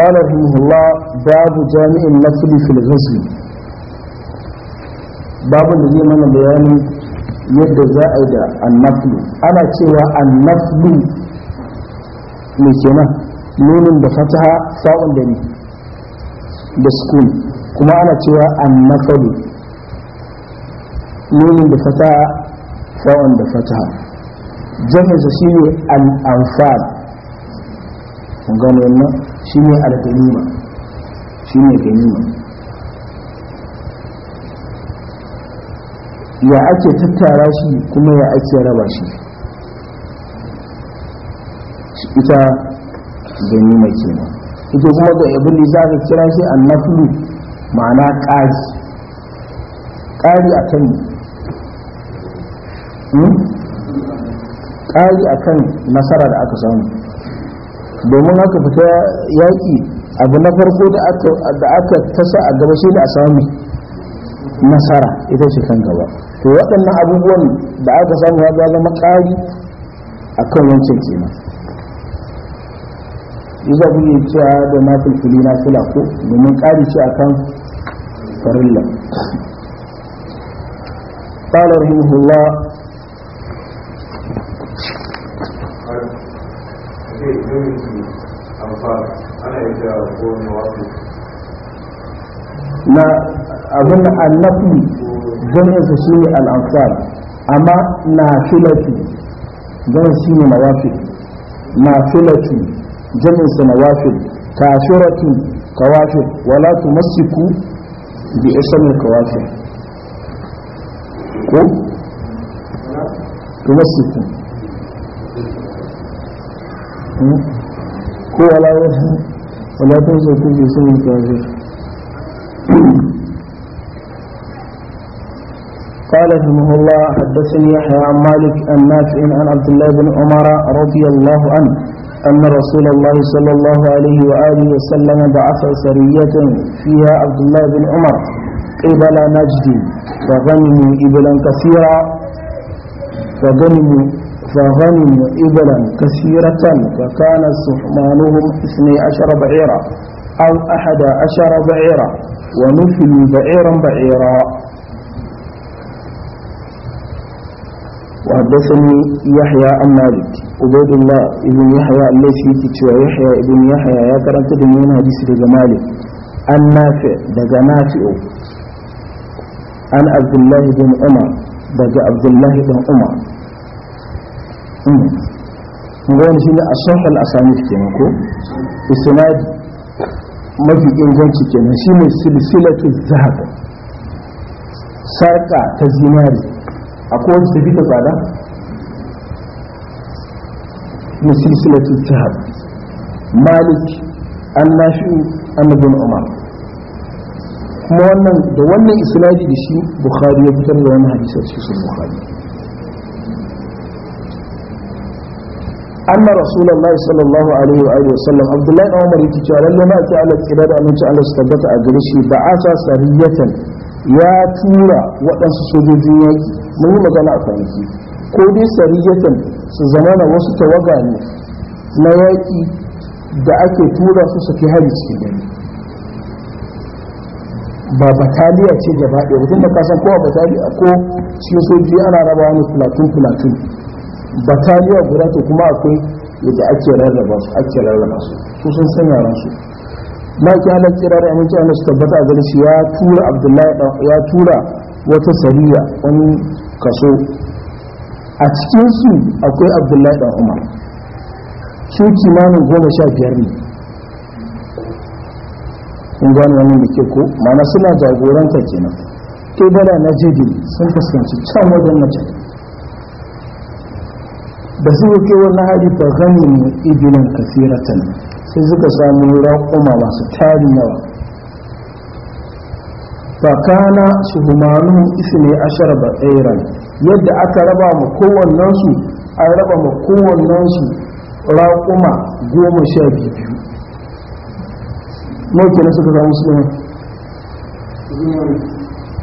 قال رحمه الله باب جامع النفل في الغزل باب الذي من بيان yadda za a yi da annaflu ana cewa annaflu mai kenan nunin da fataha sa'un da ne da sukun kuma ana cewa annafalu nunin da fataha sa'un da fataha su shi ne al'amfar gano wannan shi ne al ma shi ne ganima ya ake tattara shi kuma ya ake raba shi ita gani mai kenan ita kuma ga ibili za ka kira shi annaflu ma'ana ƙari ƙari a kan hmm? ƙari a kan nasara da aka samu domin haka fita yaƙi abu na farko da aka tasa a gaba shi da a samu nasara ita ce kan gaba to waɗannan abubuwan da aka samu ya zama ƙari a kan wancan kenan iza kuke cewa da na fulfuli na fila ko domin ƙari ce akan farilla قال رحمه الله na abin annafi su shi ne al'amsar amma na filafi don shi ne mawafi na su mawafi ta kafiratu kawafi wala tu masiku bi isamin kawafi ko tu masiku hmm? ko wala wala tun sai kun bi isamin kawafi قال رحمه الله حدثني يحيى عن مالك عن نافع عن عبد الله بن عمر رضي الله عنه أن رسول الله صلى الله عليه وآله وسلم بعث سرية فيها عبد الله بن عمر قبل نجد فغنموا إبلا كثيرا فغنموا فغنموا إبلا كثيرة فكان سحمانهم اثني عشر بعيرا أو أحد عشر بعيرا ونفلوا بعيرا بعيرا وحدثني يحيى عن مالك عبيد الله ابن يحيى الليثي كتوى يحيى ابن يحيى يا كرمت دنيا حديث دجا مالك عن نافع دجا نافع عن عبد الله بن عمر دجا عبد الله بن عمر ngwani shi ne a shafin asamis kenan ko isnad mafi inganci kenan shi ne silsilatu zahab akwai wacce ta ta tsada na silsilatu jihar malik an annabin umar kuma wannan da wannan isnadi da shi bukhari ya fitar da wannan hadisi a cikin bukhari أن رسول الله صلى الله عليه وآله وسلم عبد الله بن عمر يتجاهل لما أتى على القلادة أن يجعل ba أدريشي بعث سرية ya tura waɗansu sojojin yaki. mun yi magana a kwanaki ko dai sariyatan su zama na wasu tawaga ne na yaƙi da ake tura su saki hari cikin gari ba bataliya ce da baɗe mutum da kasan kowa bataliya ko shi soji ana raba wani platun platun bataliya guda ta kuma akwai yadda ake rarraba su ake rarraba su su sun san yaran su na ki halar kirar aminci ana su tabbata a gari ya tura abdullahi ya tura wata sariya wani kaso a cikin su akwai abdullahi dan umar su kimanin goma sha biyar ne In gani wani da ke ko mana suna jagoranta kenan tebara na jirgin sun fuskanci can wajen mace da su yake wani hali ta gani ne ibinan kafiratan sai suka samu raƙuma masu tarin yawa fakana suhumanuhu isne ashara ba'iran yadda aka raba mu kowannensu an raba mu kowannensu raƙuma goma sha biyu suka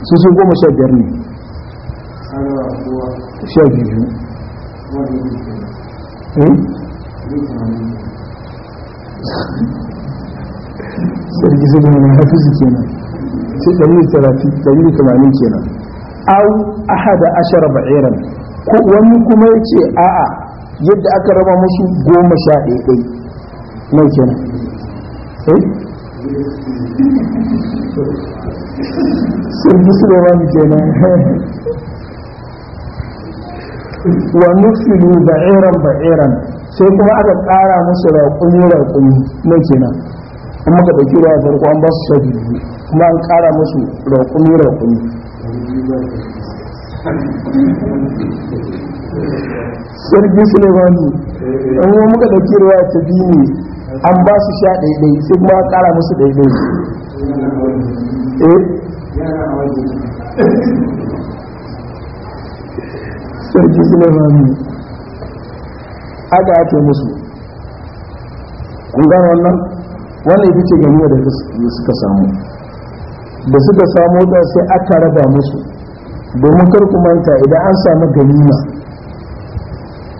su sun goma sha biyu sai kenan au ahada ashara ba'iran ko wani kuma ya ce a'a yadda aka raba musu goma sha ɗaiɗai mai kenan sun fi su ba kenan *laughs* wa nufilu ba'iran ba'iran sai kuma aka tsara musu raƙumi raƙumi mai kenan an maka ɗauki da farko an ba su sha biyu kuma an kara musu raƙumi raƙumi sarki sulemani an yi muka ɗauki ruwa ta biyu ne an ba su sha ɗaiɗai sai kuma an kara musu daidai. Eh? sarki sulemani aka ake musu kun gano wannan wannan ita ce ganiyar da suka samu da suka samu ɗan sai aka raba musu domin manta idan an samu ganima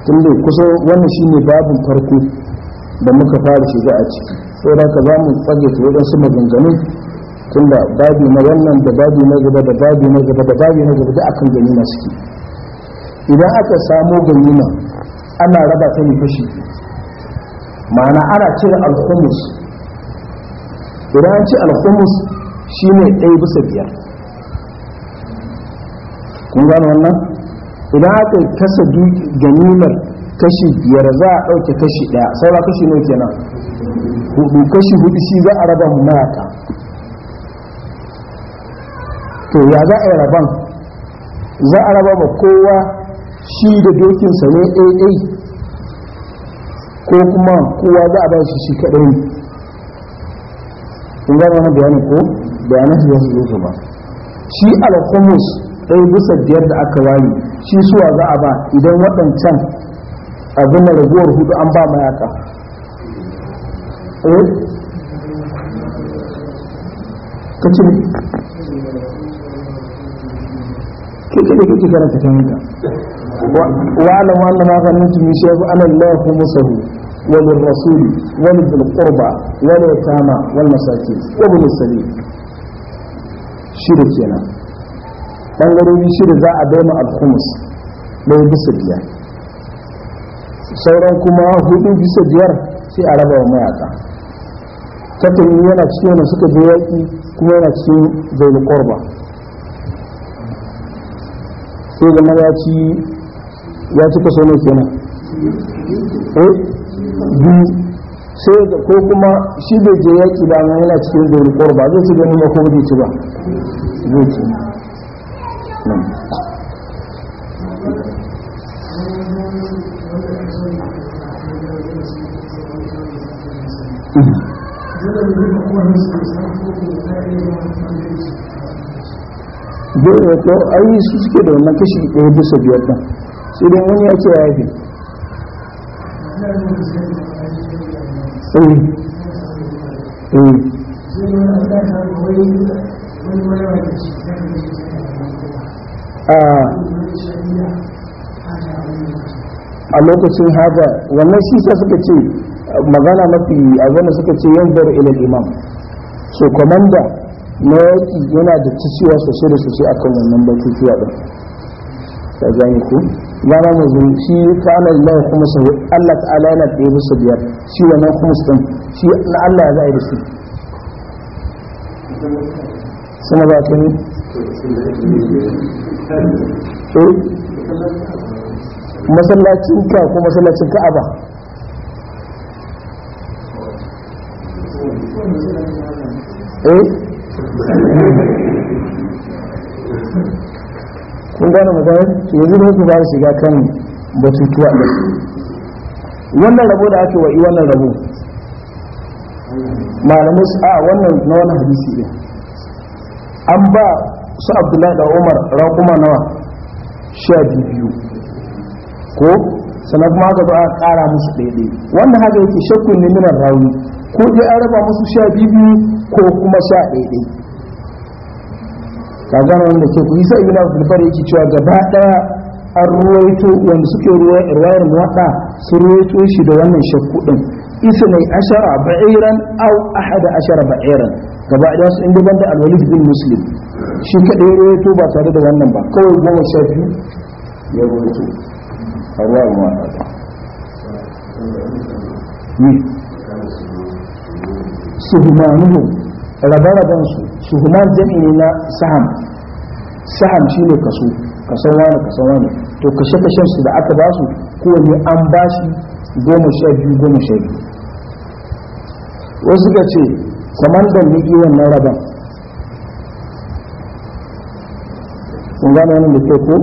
tunda kusa wannan shine babin farko da muka fara shiga a ciki sai da ka zamu tsage ta wajen su maganganu tunda babi na wannan da babi na gaba da babi na gaba da babi na gaba da akan ganima suke idan aka samu ganima ana raba ta ne fashi ma'ana ana cire alhumus idan an ci alhumus shi ne ɗaya bisa biyar kun gano wannan idan aka kasa ganimar kashi biyar za a ɗauke kashi ɗaya saura kashi ne kenan hudu kashi hudu shi za a raba mu mayaka to ya za a yi raban za a raba ba kowa shi da dokinsa ne aa ko kuma kowa za a ba shi shi kaɗai kun gano wannan bayanin ko bayanan ya su zo ba shi alhumus ɗaya bisa biyar da aka ware shi suwa za a ba idan waɗancan abin da ragowar hudu an ba mayaka eh kace kike da kike karanta kan yanka wa ala wa ala ma ganintu min shay'in ana Allahu musahu wa lirrasul wa lil qurba wa lil yatama wal masakin wa bil sabil shida kenan ɓangarori shida za a daina alhumus ɗaya bisa biyar sauran kuma hudu bisa biyar sai a raba wa mayaka katami yana cikin wani suka je yaƙi kuma yana cikin zaune korba sai zama ya ci ya ci kaso ne kenan eh, biyu sai ko kuma shi bai je yaƙi ba yana cikin zaune korba zai ci ganin ma ko bai ci ba zuci dole to ai su suke da wannan kashi ɗaya bisa biyar ɗin sai dai wani ya ce ya a lokacin haja wannan shi sa suka ce magana mafi abinda suka ce yan zara ilil imam so komanda na yaki yana da ciciwa sosai da sosai akan wannan batutuwa ɗin ta gane ku ya ma mazu shi kana Allah kuma su Allah ta'ala yana ɗaya bisa biyar shi wannan kuma su shi na Allah ya za a yi da su suna ba ta ne eh? masallacin ka ko masallacin ka'aba eh kun gane magana to yanzu da ku ba shiga kan batutuwa ne wannan rabo da ake wa'i wannan rabo malamai a wannan na wani hadisi ne an ba su abdullahi da umar raƙuma nawa sha biyu ko sannan kuma aka ba ƙara musu ɗaiɗai wanda haka yake shakkun ne minar rauni ko dai an raba musu sha biyu ko kuma sha ɗaiɗai ka gano wanda ke kuyi sai ibn abdul bar yake cewa gaba ɗaya an ruwaito wanda suke ruwayar waɗa su ruwaito shi da wannan shakku ɗin ne ashara ba'iran au ahada ashara ba'iran gaba ɗaya su inda banda alwalid bin muslim shi kaɗai ya rawaito ba tare da wannan ba kawai goma sha biyu ya rawaito a ruwa ruwa suhumanuhu rabe-raben su suhuman jami'i na saham saham shi ne kaso kasan wani kasan wani to kashe-kashen su da aka ba su kowane an ba shi goma sha biyu goma sha biyu wasu ga ce kwamandan da yi wannan rabon sun gane wani da ke ko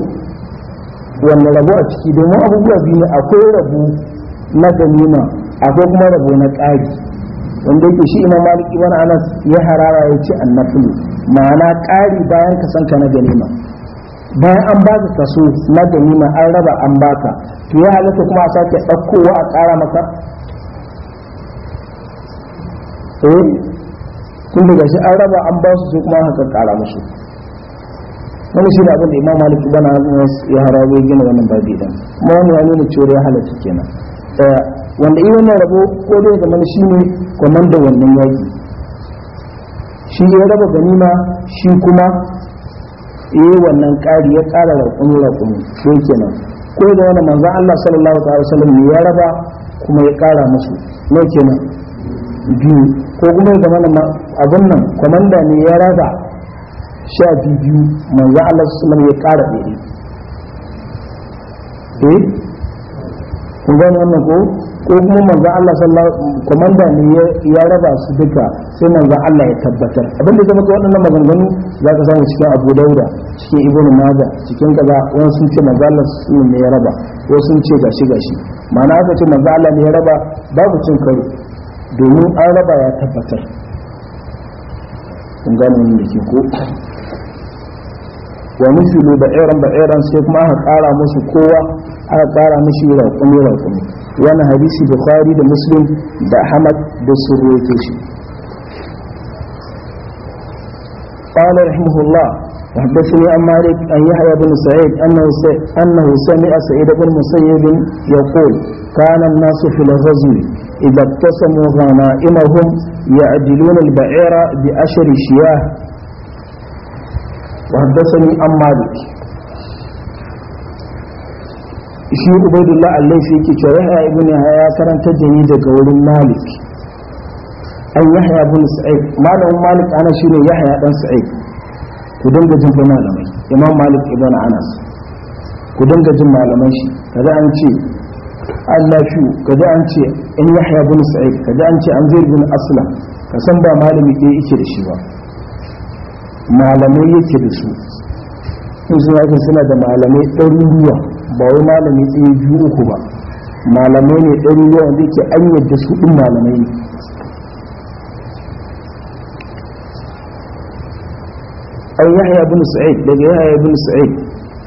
wannan rabo a ciki domin abubuwa biyu ne akwai rabu na ganima akwai kuma rabo na ƙari wanda yake shi imam Maliki wani anas ya harara ya ce annafulu ma'ana ƙari bayan ka ka na ganima bayan an baka kaso na ganima an raba an baka to ya halatta kuma a sake ɗaukowa a ƙara maka eh? tun daga shi an raba an ba su su kuma haka kara musu wani shi da abin da imam malik bana ya harawo gina wannan babi din kuma wani ya nuna cewa ya halatta kenan daya eh, wanda yi wannan rabo ko dai zaman shi ne da wannan yaki shi ya raba ganima shi kuma ya yi wannan ƙari ya ƙara raƙumi raƙumi shi kenan ko da wani manzan allah sallallahu alaihi wasallam ya raba kuma ya ƙara musu ne kenan biyu ko kuma ya zama abin nan kwamanda ne ya raba sha biyu za Allah sallallahu ya kara ɗaya eh kun gani wannan ko ko kuma manzo Allah sallallahu kwamanda ne ya raba su duka sai manzo Allah ya tabbatar abin da zama ka waɗannan maganganu za ka samu cikin Abu Dauda cikin Ibn Majah cikin kaza wani sun ce manzo Allah sallallahu ne ya raba wasu sun ce gashi gashi ma'ana aka ce manzo Allah ne ya raba babu cin karo domin an raba ya tabbatar kun gane mun da ke ko wa mithlu da iran sai kuma aka kara musu kowa aka kara mishi raƙumi raƙumi wannan hadisi bukhari da muslim da ahmad da surwaito shi قال رحمه الله وحدثني عن مالك عن يحيى بن سعيد انه انه سمع سعيد بن مسيب يقول كان الناس في الغزو إذا اقتسموا غنائمهم يعدلون البعير بأشر شياه وحدثني عن مالك shi ubaidullah allaifi ke cewa yahya ibn yahya karanta da daga wurin malik an yahya ibn sa'id malamin malik ana shine yahya dan sa'id ku dinga jin malamai imam malik ibn anas ku dinga jin shi kaza an ce annashu kaji an ce in yahya bin sa'id kaji an ce an zaid bin aslam ka san ba malami ke yake da shi ba malamai yake da su in suna yakin suna da malamai ɗaruruwa ba wai malami tsaye biyu uku ba malamai ne ɗaruruwa wanda yake an yadda su ɗin malamai ne an yahya bin sa'id daga yahya bin sa'id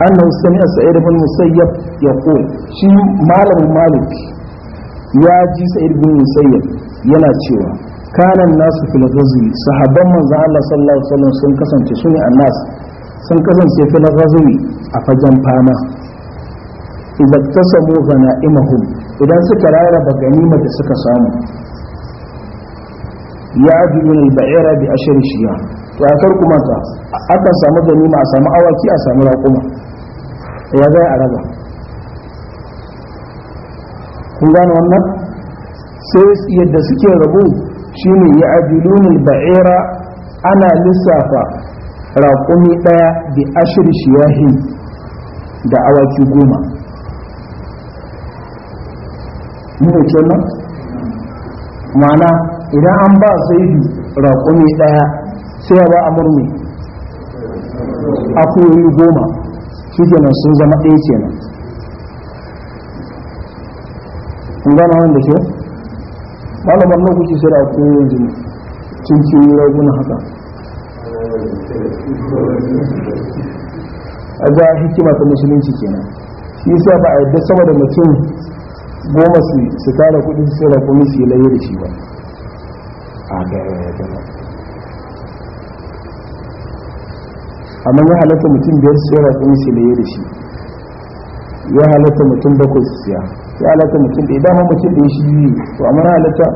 أنه سمع سعيد بن المسيب يقول شي مالك مالك يا سعيد بن المسيب يلا كان الناس في الغزو صحابا من الله صلى الله عليه وسلم سنكسن كسن الناس سنكسن كسن في الغزو أفجن فاما إذا اكتسموا غنائمهم إذا سكرار بغنيمة سكسامو ya ajiyun al-ba'ira bi ashar shiya to a kar kuma ta akan samu ganima a samu awaki a samu raƙuma ya za a raba kun gane wannan sai yadda suke rabu shine ya ajilunil ba'ira ana lissafa raƙumi ɗaya da ashir shiyahin da awaki goma ne nan. ma'ana idan an ba yi raƙumi ɗaya sai ya ba a murmi akwai goma shi kenan sun zama ɗaya kenan kun gano wanda ke malamar nan kuke shirya ko yanzu cin kiwo raguna haka a ga hikima ta musulunci kenan shi sa ba a yadda sama da mutum goma su tara kudin su da kuma su layi da shi ba a ga amma ya halatta mutum biyar su tsora ɗin shi laye da shi ya halatta mutum bakwai su siya ya halatta mutum ɗaya idan mutum ɗaya shi yi to amma ya halatta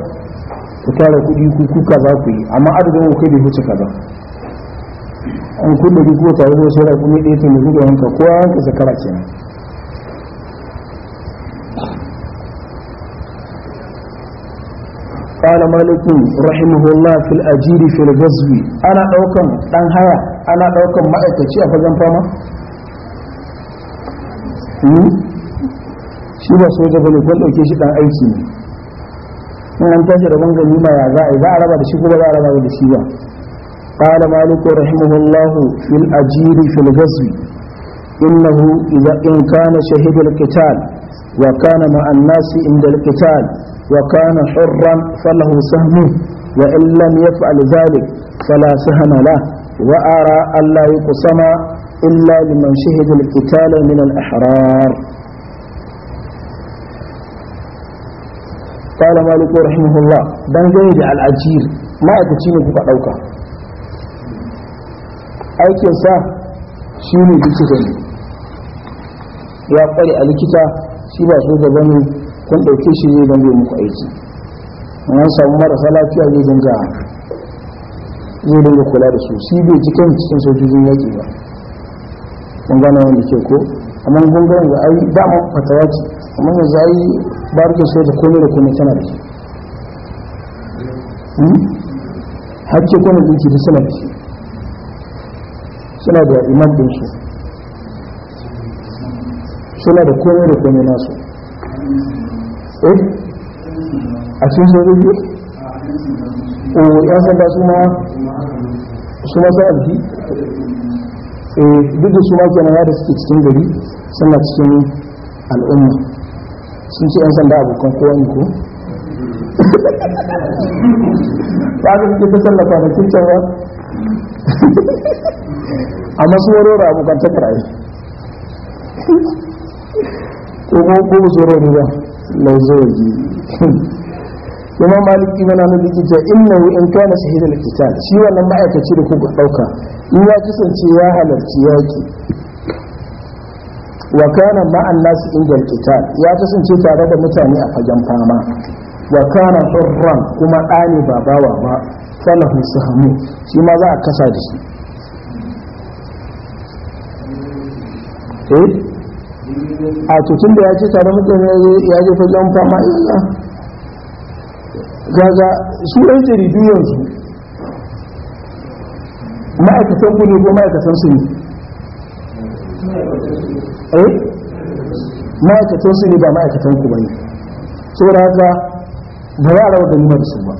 ku tara kuɗi ku kuka za ku yi amma adadin ku kai bai wuce kaza an kun da duk wata wajen sauran kuma ɗaya ta nufi da yanka kowa yanka zakara kenan قال مالك رحمه الله في الأجير في الغزو أنا أوكم أنهايا ana ɗaukan ma'aikaci a fagen fama hmm? shi ba soja bane kun ɗauke shi dan aiki ne in an tashi da gangani ma ya za a yi za a raba da shi kuma ba za a raba da shi ba قال مالك رحمه الله في الأجير في الغزو إنه إذا إن كان شهد القتال وكان مع الناس عند القتال وكان حرا فله سهمه وإن لم يفعل ذلك فلا سهم له وأرى ألا يقسم إلا لمن شهد القتال من الأحرار قال مالك رحمه الله دنجي على العجير ما أتشيني كفا ɗauka. aikinsa shi ne likita ya kware a likita shi ba so da ne kun ɗauke shi zai dange muku aiki an samu marasa lafiya zai zai dinga kula da su shi bai ji kan cikin sojojin yaƙi ba kun gane wanda ke ko amma kun gane yanzu ai dama fatawa ce amma yanzu ai barkin da komai da komai tana da shi hmm? hakki kuma dinki da suna da shi suna da iman din su suna da komai da komai nasu eh a cikin sojoji o oh, ya san su ma su ma sun eh, duk da su ma kenan ya da suke cikin gari suna cikin al'umma sun ce yan sanda abokan kowa ko ba ka suke ta tallafa da kincan ba amma su warware abokan ta karaye ko ko ko su warware ba lau zai imam maliki mana nan yake cewa innahu in kana shahida al-qital shi wannan ma'aikaci da kuka dauka in ya kasance ya halarci yaki wa kana ma'an nasu inda al-qital ya kasance tare da mutane a fagen fama wa kana hurran kuma ɗani ba bawa ba falahu sahamu shi ma za a kasa da shi eh? a cikin da ya ce tare mutane ya je fagen fama illa Gaza su ɗan jaridu yanzu ma'aikatan ku ne ko ma'aikatan su ne eh ma'aikatan su ne ba ma'aikatan ku bane da haka ba za a rawa ganima da su ba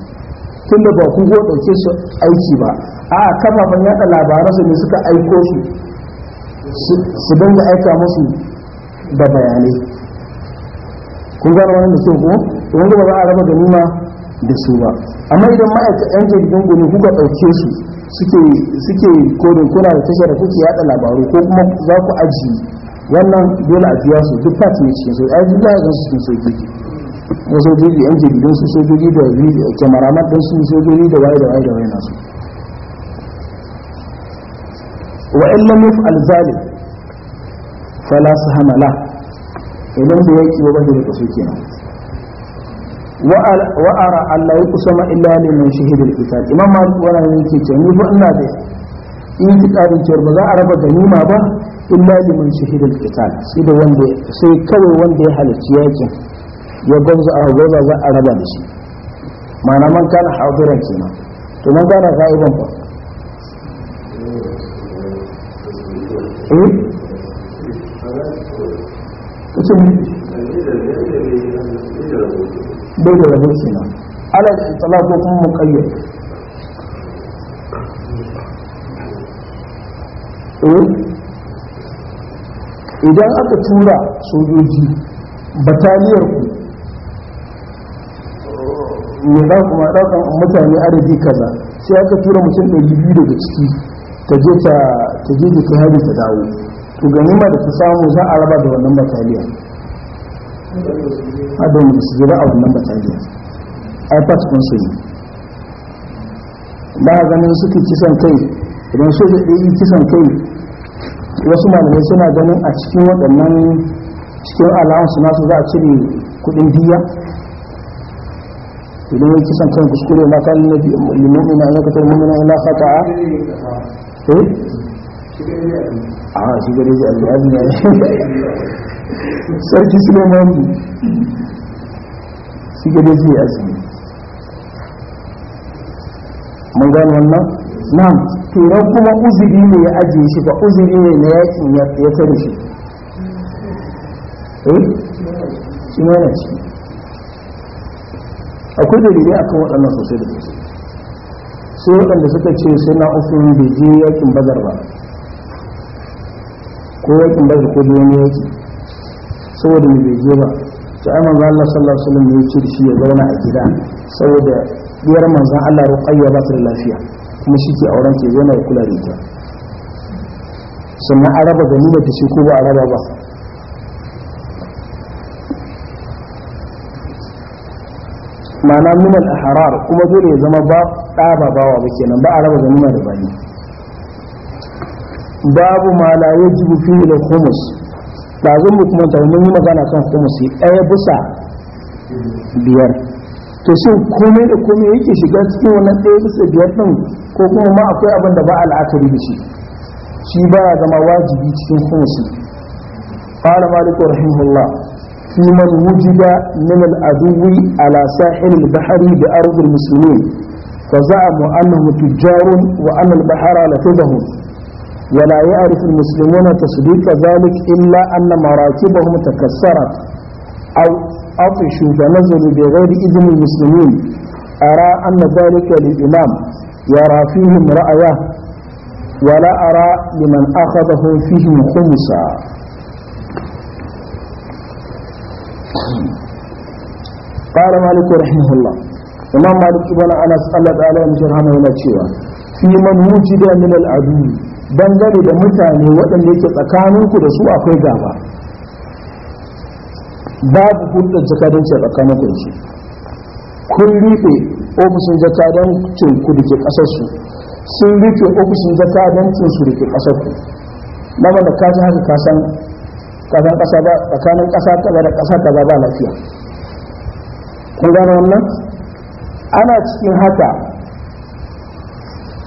tunda ba ku ko ɗauke su aiki ba a kafafen yaɗa labaransu ne suka aiko su su dinga aika musu da bayanai kun gano wannan da kyau ko wanda ba za a raba ganima da su ba amma idan ma'aikatan jaridun gudun kuka ɗauke su suke kodin kuna da tashar da kuke yada labaru ko kuma za ku aji wannan dole a biya su duk fatin ne cikin sojoji ai duk ya su cikin sojoji na sojoji yan jaridun su sojoji da kyamaraman ɗin su sojoji da waye da waye da waye na su wa in lam yaf'al zalim fala sahamala idan da yake ba da kaso kenan wa ara Allah ya kusama illa ne mai shahidul qital imam malik wala yake ce ni fa ina da in ji karin cewa ba za a raba ganima ba illa ne mai shahidul qital sai da wanda sai kawai wanda ya halarci yakin ya gwamza a gwamza za a raba da shi ma'ana man kana hadiran kenan to man kana ga'iban ba eh kace bai da rabo ala shi tsala ko kuma eh? idan aka tura sojoji bataliyar ku mai ɗaukan mutane arziki kaza sai aka tura mutum ɗari biyu daga ciki ta je ta ta dawo to ganima da ta samu za a raba da wannan bataliyar haɗin da su jira a wannan yi ipad kun su yi ba ganin suke kisan kai idan su da yi kisan kai wasu malamai suna ganin a cikin waɗannan cikin alawansu nasu za a cire kuɗin diya idan ya kisan kan kuskure ma kan nabi limomina eh? ya katar mummina ila fata'a eh a shi gare ji al'adu ne sarki sulemani shi gada zai azumi mun gano wannan nan turan kuma uzuri ne ya ajiye shi ba uzuri ne na yakin ya tare shi eh shi ne ci akwai dalilai akan waɗannan sosai da sosai sai waɗanda suka ce suna uku ofin bai je yakin bazar ba ko yakin bazar ko wani yaki saboda mu bai je ba to ai manzo Allah sallallahu alaihi wasallam ya ce da shi ya zauna a gida saboda biyar manzon Allah ruqayya ba ta lafiya kuma shi ke auren ke zauna ya kula da ita sannan araba raba ganima ta ce ko ba araba raba ba ma'ana minal harar kuma dole ya zama ba ba bawa ba kenan ba araba raba ganima da bani babu ma la yajibu fihi al-khumus ba zan mu kuma tawo mun magana kan hukumar su ɗaya bisa biyar to shin komai da komai yake shiga cikin wannan ɗaya bisa biyar ɗin ko kuma ma akwai abin da ba a la'akari da shi shi ba zama wajibi cikin hukumar su qala maliku rahimahullah fi man wujida min al-adwi ala sahil bahari da bi ardi al-muslimin fa za'amu annahu tujjarun wa anna al-bahra la tadhhabu ولا يعرف المسلمون تصديق ذلك إلا أن مراكبهم تكسرت أو عطشوا فنزلوا بغير إذن المسلمين أرى أن ذلك للإمام يرى فيهم رأيه ولا أرى لمن أخذه فيهم خمسا قال مالك رحمه الله إمام مالك بن أنس قال تعالى مجرحنا هنا في من وجد من العدو dangane da mutane waɗanda yake tsakaninku da su akwai gaba babu hulɗa jakadanci a tsakaninku da su kun rufe ofishin jakadancin ku da ke ƙasarsu sun rufe ofishin jakadancin su da ke ƙasarku na wanda ka ji haka kasan kasan ƙasa ba tsakanin ƙasa kaza da ƙasa kaza ba lafiya kun gane wannan ana cikin haka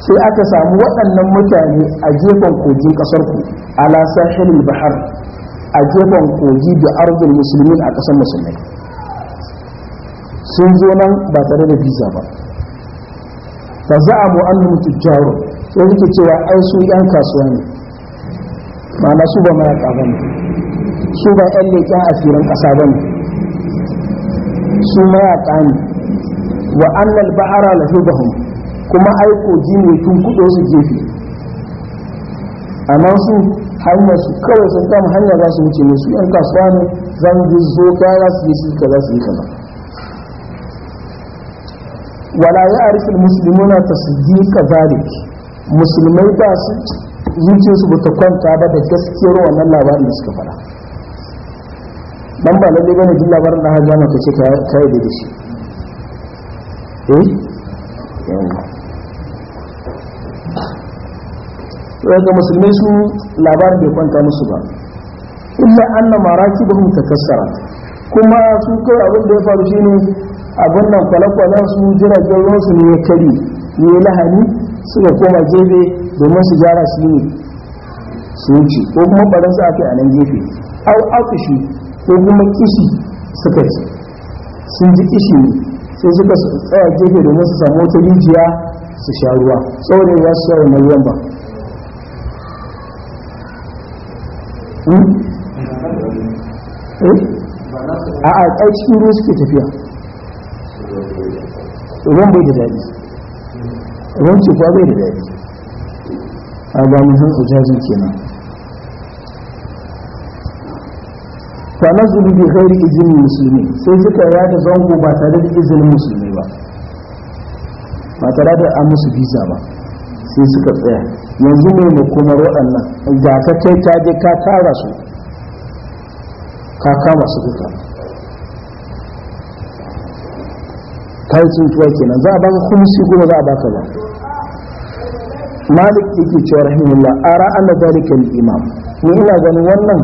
sai aka samu waɗannan mutane a gefen kogin ƙasar ku ala sahilul bahar a gefen kogi da arzul musulmin a ƙasar musulmai sun zo nan ba tare da biza ba za fa za'amu annum tujjaru sai rike cewa ai su yan kasuwa ne ma'ana su ba mayaka ba ne su ba yan leƙen asirin ƙasa ba ne su mayaka ne wa annal bahara lahibahum kuma aiko ne tun kudo su a amma su hanyar su kawai sun kama hanyar za su wuce ne su yan kasuwa ne zan mu zo ta kaya su yi su za su yi kaza wala ya arifi na ta su yi kazalik musulmai ba su su ba ta kwanta ba da gaskiyar wannan labarin da suka faɗa dan ba lalle ne jin labarin da hajjama ta ce ta yi da shi eh yawon daga musulmai su labarin bai kwanta musu ba illa anna maraki ba ta takassara kuma su kai abin da ya faru shi ne abin nan kwale su jiragen ruwan su ne ya kari ne ya lahani suka koma jebe domin su gyara shi ne su wuce ko kuma barin su aka yi a nan gefe au akushi ko kuma kishi suka ci sun ji kishi ne sai suka tsaya gefe domin su samu wata rijiya su sha ruwa saboda ya su sha wannan ruwan ba Hmm? Eh? a a cikin ruwa suke tafiya ruwan bai da daɗi ruwan ce kuwa bai da daɗi a gani han ujazin kenan fa nazulu bi ghairi izinin musulmi sai suka yada zango ba tare da izinin musulmi ba ba tare da an musu visa ba sai suka tsaya yanzu ne mu kuma waɗannan ga ka kai ka je ka tara su ka kama su duka kai sun tuwa kenan za a baka kuma za a baka ba malik yake cewa rahimullah ara anna zalika al-imam ni ina ganin wannan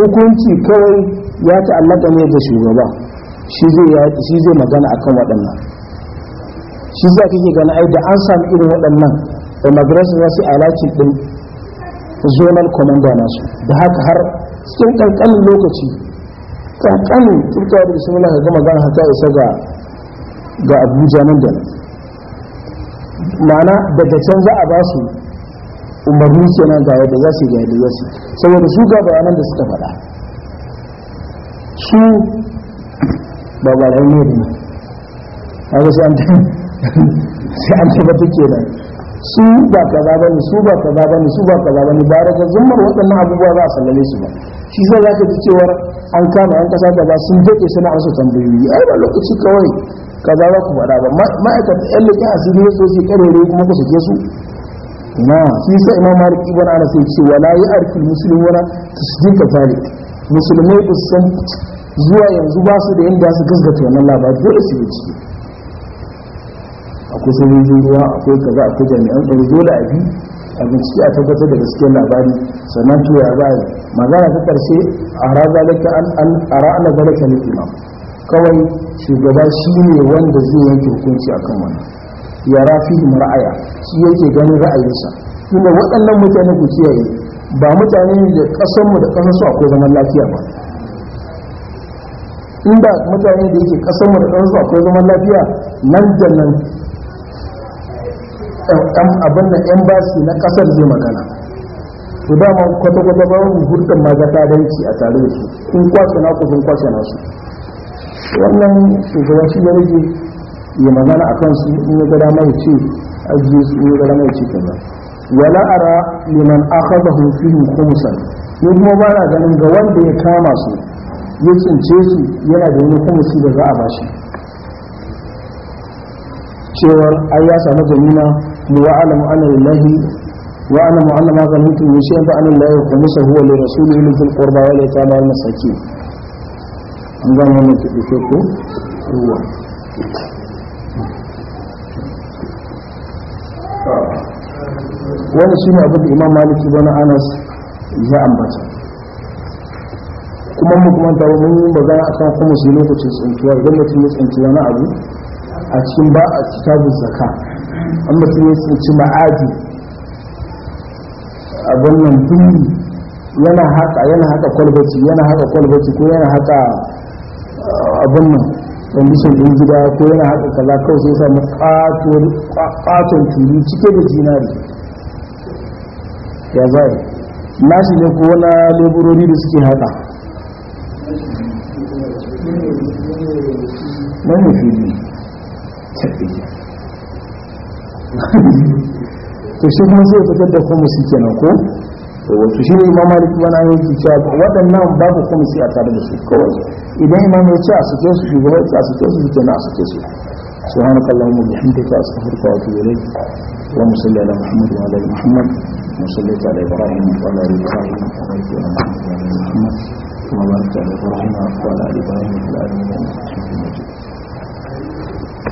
hukunci kawai ya ta'allaka ne da shugaba shi zai shi zai magana akan waɗannan shi za kake gani ai da an samu irin waɗannan immigration za su alaci ɗin zonal komanda nasu da haka har cikin kankanin lokaci kankanin turka da bismillah ga magana haka isa ga ga abuja nan da mana daga can za a ba su umarni kenan ga yadda za su ga yadda za su saboda su ga bayanan da suka faɗa su ba ba da ne ne ba an sai an *laughs* tabbatar kenan su ba kaza ba ne su ba kaza ba ne su ba kaza ne ba ga zummar waɗannan abubuwa za a sallale su ba shi zai za ka ji cewar an kama yan kasa kaza sun daɗe suna an su tambayoyi ai ba lokaci kawai kaza za ku faɗa ba ma'aikata ƴan leƙen asiri ne so su karere kuma ku sake su ina shi sa imam malik ibn anas ya ce wala ya'rifu muslimuna tasdiqa zalik musulmai ba san zuwa yanzu ba su da yanda su gaskata wannan labari dole su yi ciki akwai sojojin ruwa akwai kaza akwai jami'an tsaro dole a bi a bincike a tabbatar da gaskiyar labari sannan to ya ba magana ta karshe a razalika an ara'ana zalika imam kawai shugaba shi ne wanda zai yanke hukunci akan wannan ya rafi ra'aya shi yake ganin ra'ayinsa kuma waɗannan mutane ku kiyaye ba mutane da ƙasarmu da ƙasarsu akwai zaman lafiya ba inda mutane da yake ƙasarmu da ƙasarsu akwai zaman lafiya nan da nan abin da basi na kasar zai magana to dama kwata-kwata ba mu hurɗin magatadanci a tare da su sun kwashe na ku sun kwace na su wannan shugaban shi ya rage ya magana a kansu in ya gada mai ce ajiye su in ya gada mai ce kaza wala ara liman akhadahu fihi khumsan ni kuma ba na ganin ga wanda ya kama su ya tsince su yana da wani khumsi da za a bashi cewar ai ya samu jamina وأعلم أن لله وأعلم أن ما غنمتم من شيء الله خمسه هو لرسوله لذي القربى واليتامى والمساكين أنظر هنا هو wani shi ne abin da imam maliki wani anas ya ambata kuma mu kuma ta wani yin bagana a kan kuma su lokacin tsintuwa idan mutum ya tsinci abu a cikin ba a kitabun zaka an mutum ya tsinci ma'aji a wannan dumbi yana haka yana haka kwalbaci yana haka kwalbaci ko yana haka uh, abin nan kondishin ɗin gida ko yana haka kaza kawai sai samu ƙaton turi cike da zinari ya zai shi ne ko wani leburori da suke haka na ne fili to shi kuma sai fitar da kumusi kenan ko wato shi ne imam malik wani ayo ke cewa waɗannan babu kumusi a tare da su kawai idan imam ya ce a suke su shugaba ya ce a suke su na a suke su سبحانك اللهم وبحمدك استغفرك واتوب اليك اللهم صل على محمد وعلى ال محمد وصليت على ابراهيم وعلى ال ابراهيم وبارك على محمد وعلى ال محمد كما باركت على ابراهيم وعلى ال ابراهيم في العالمين انك حميد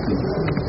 مجيد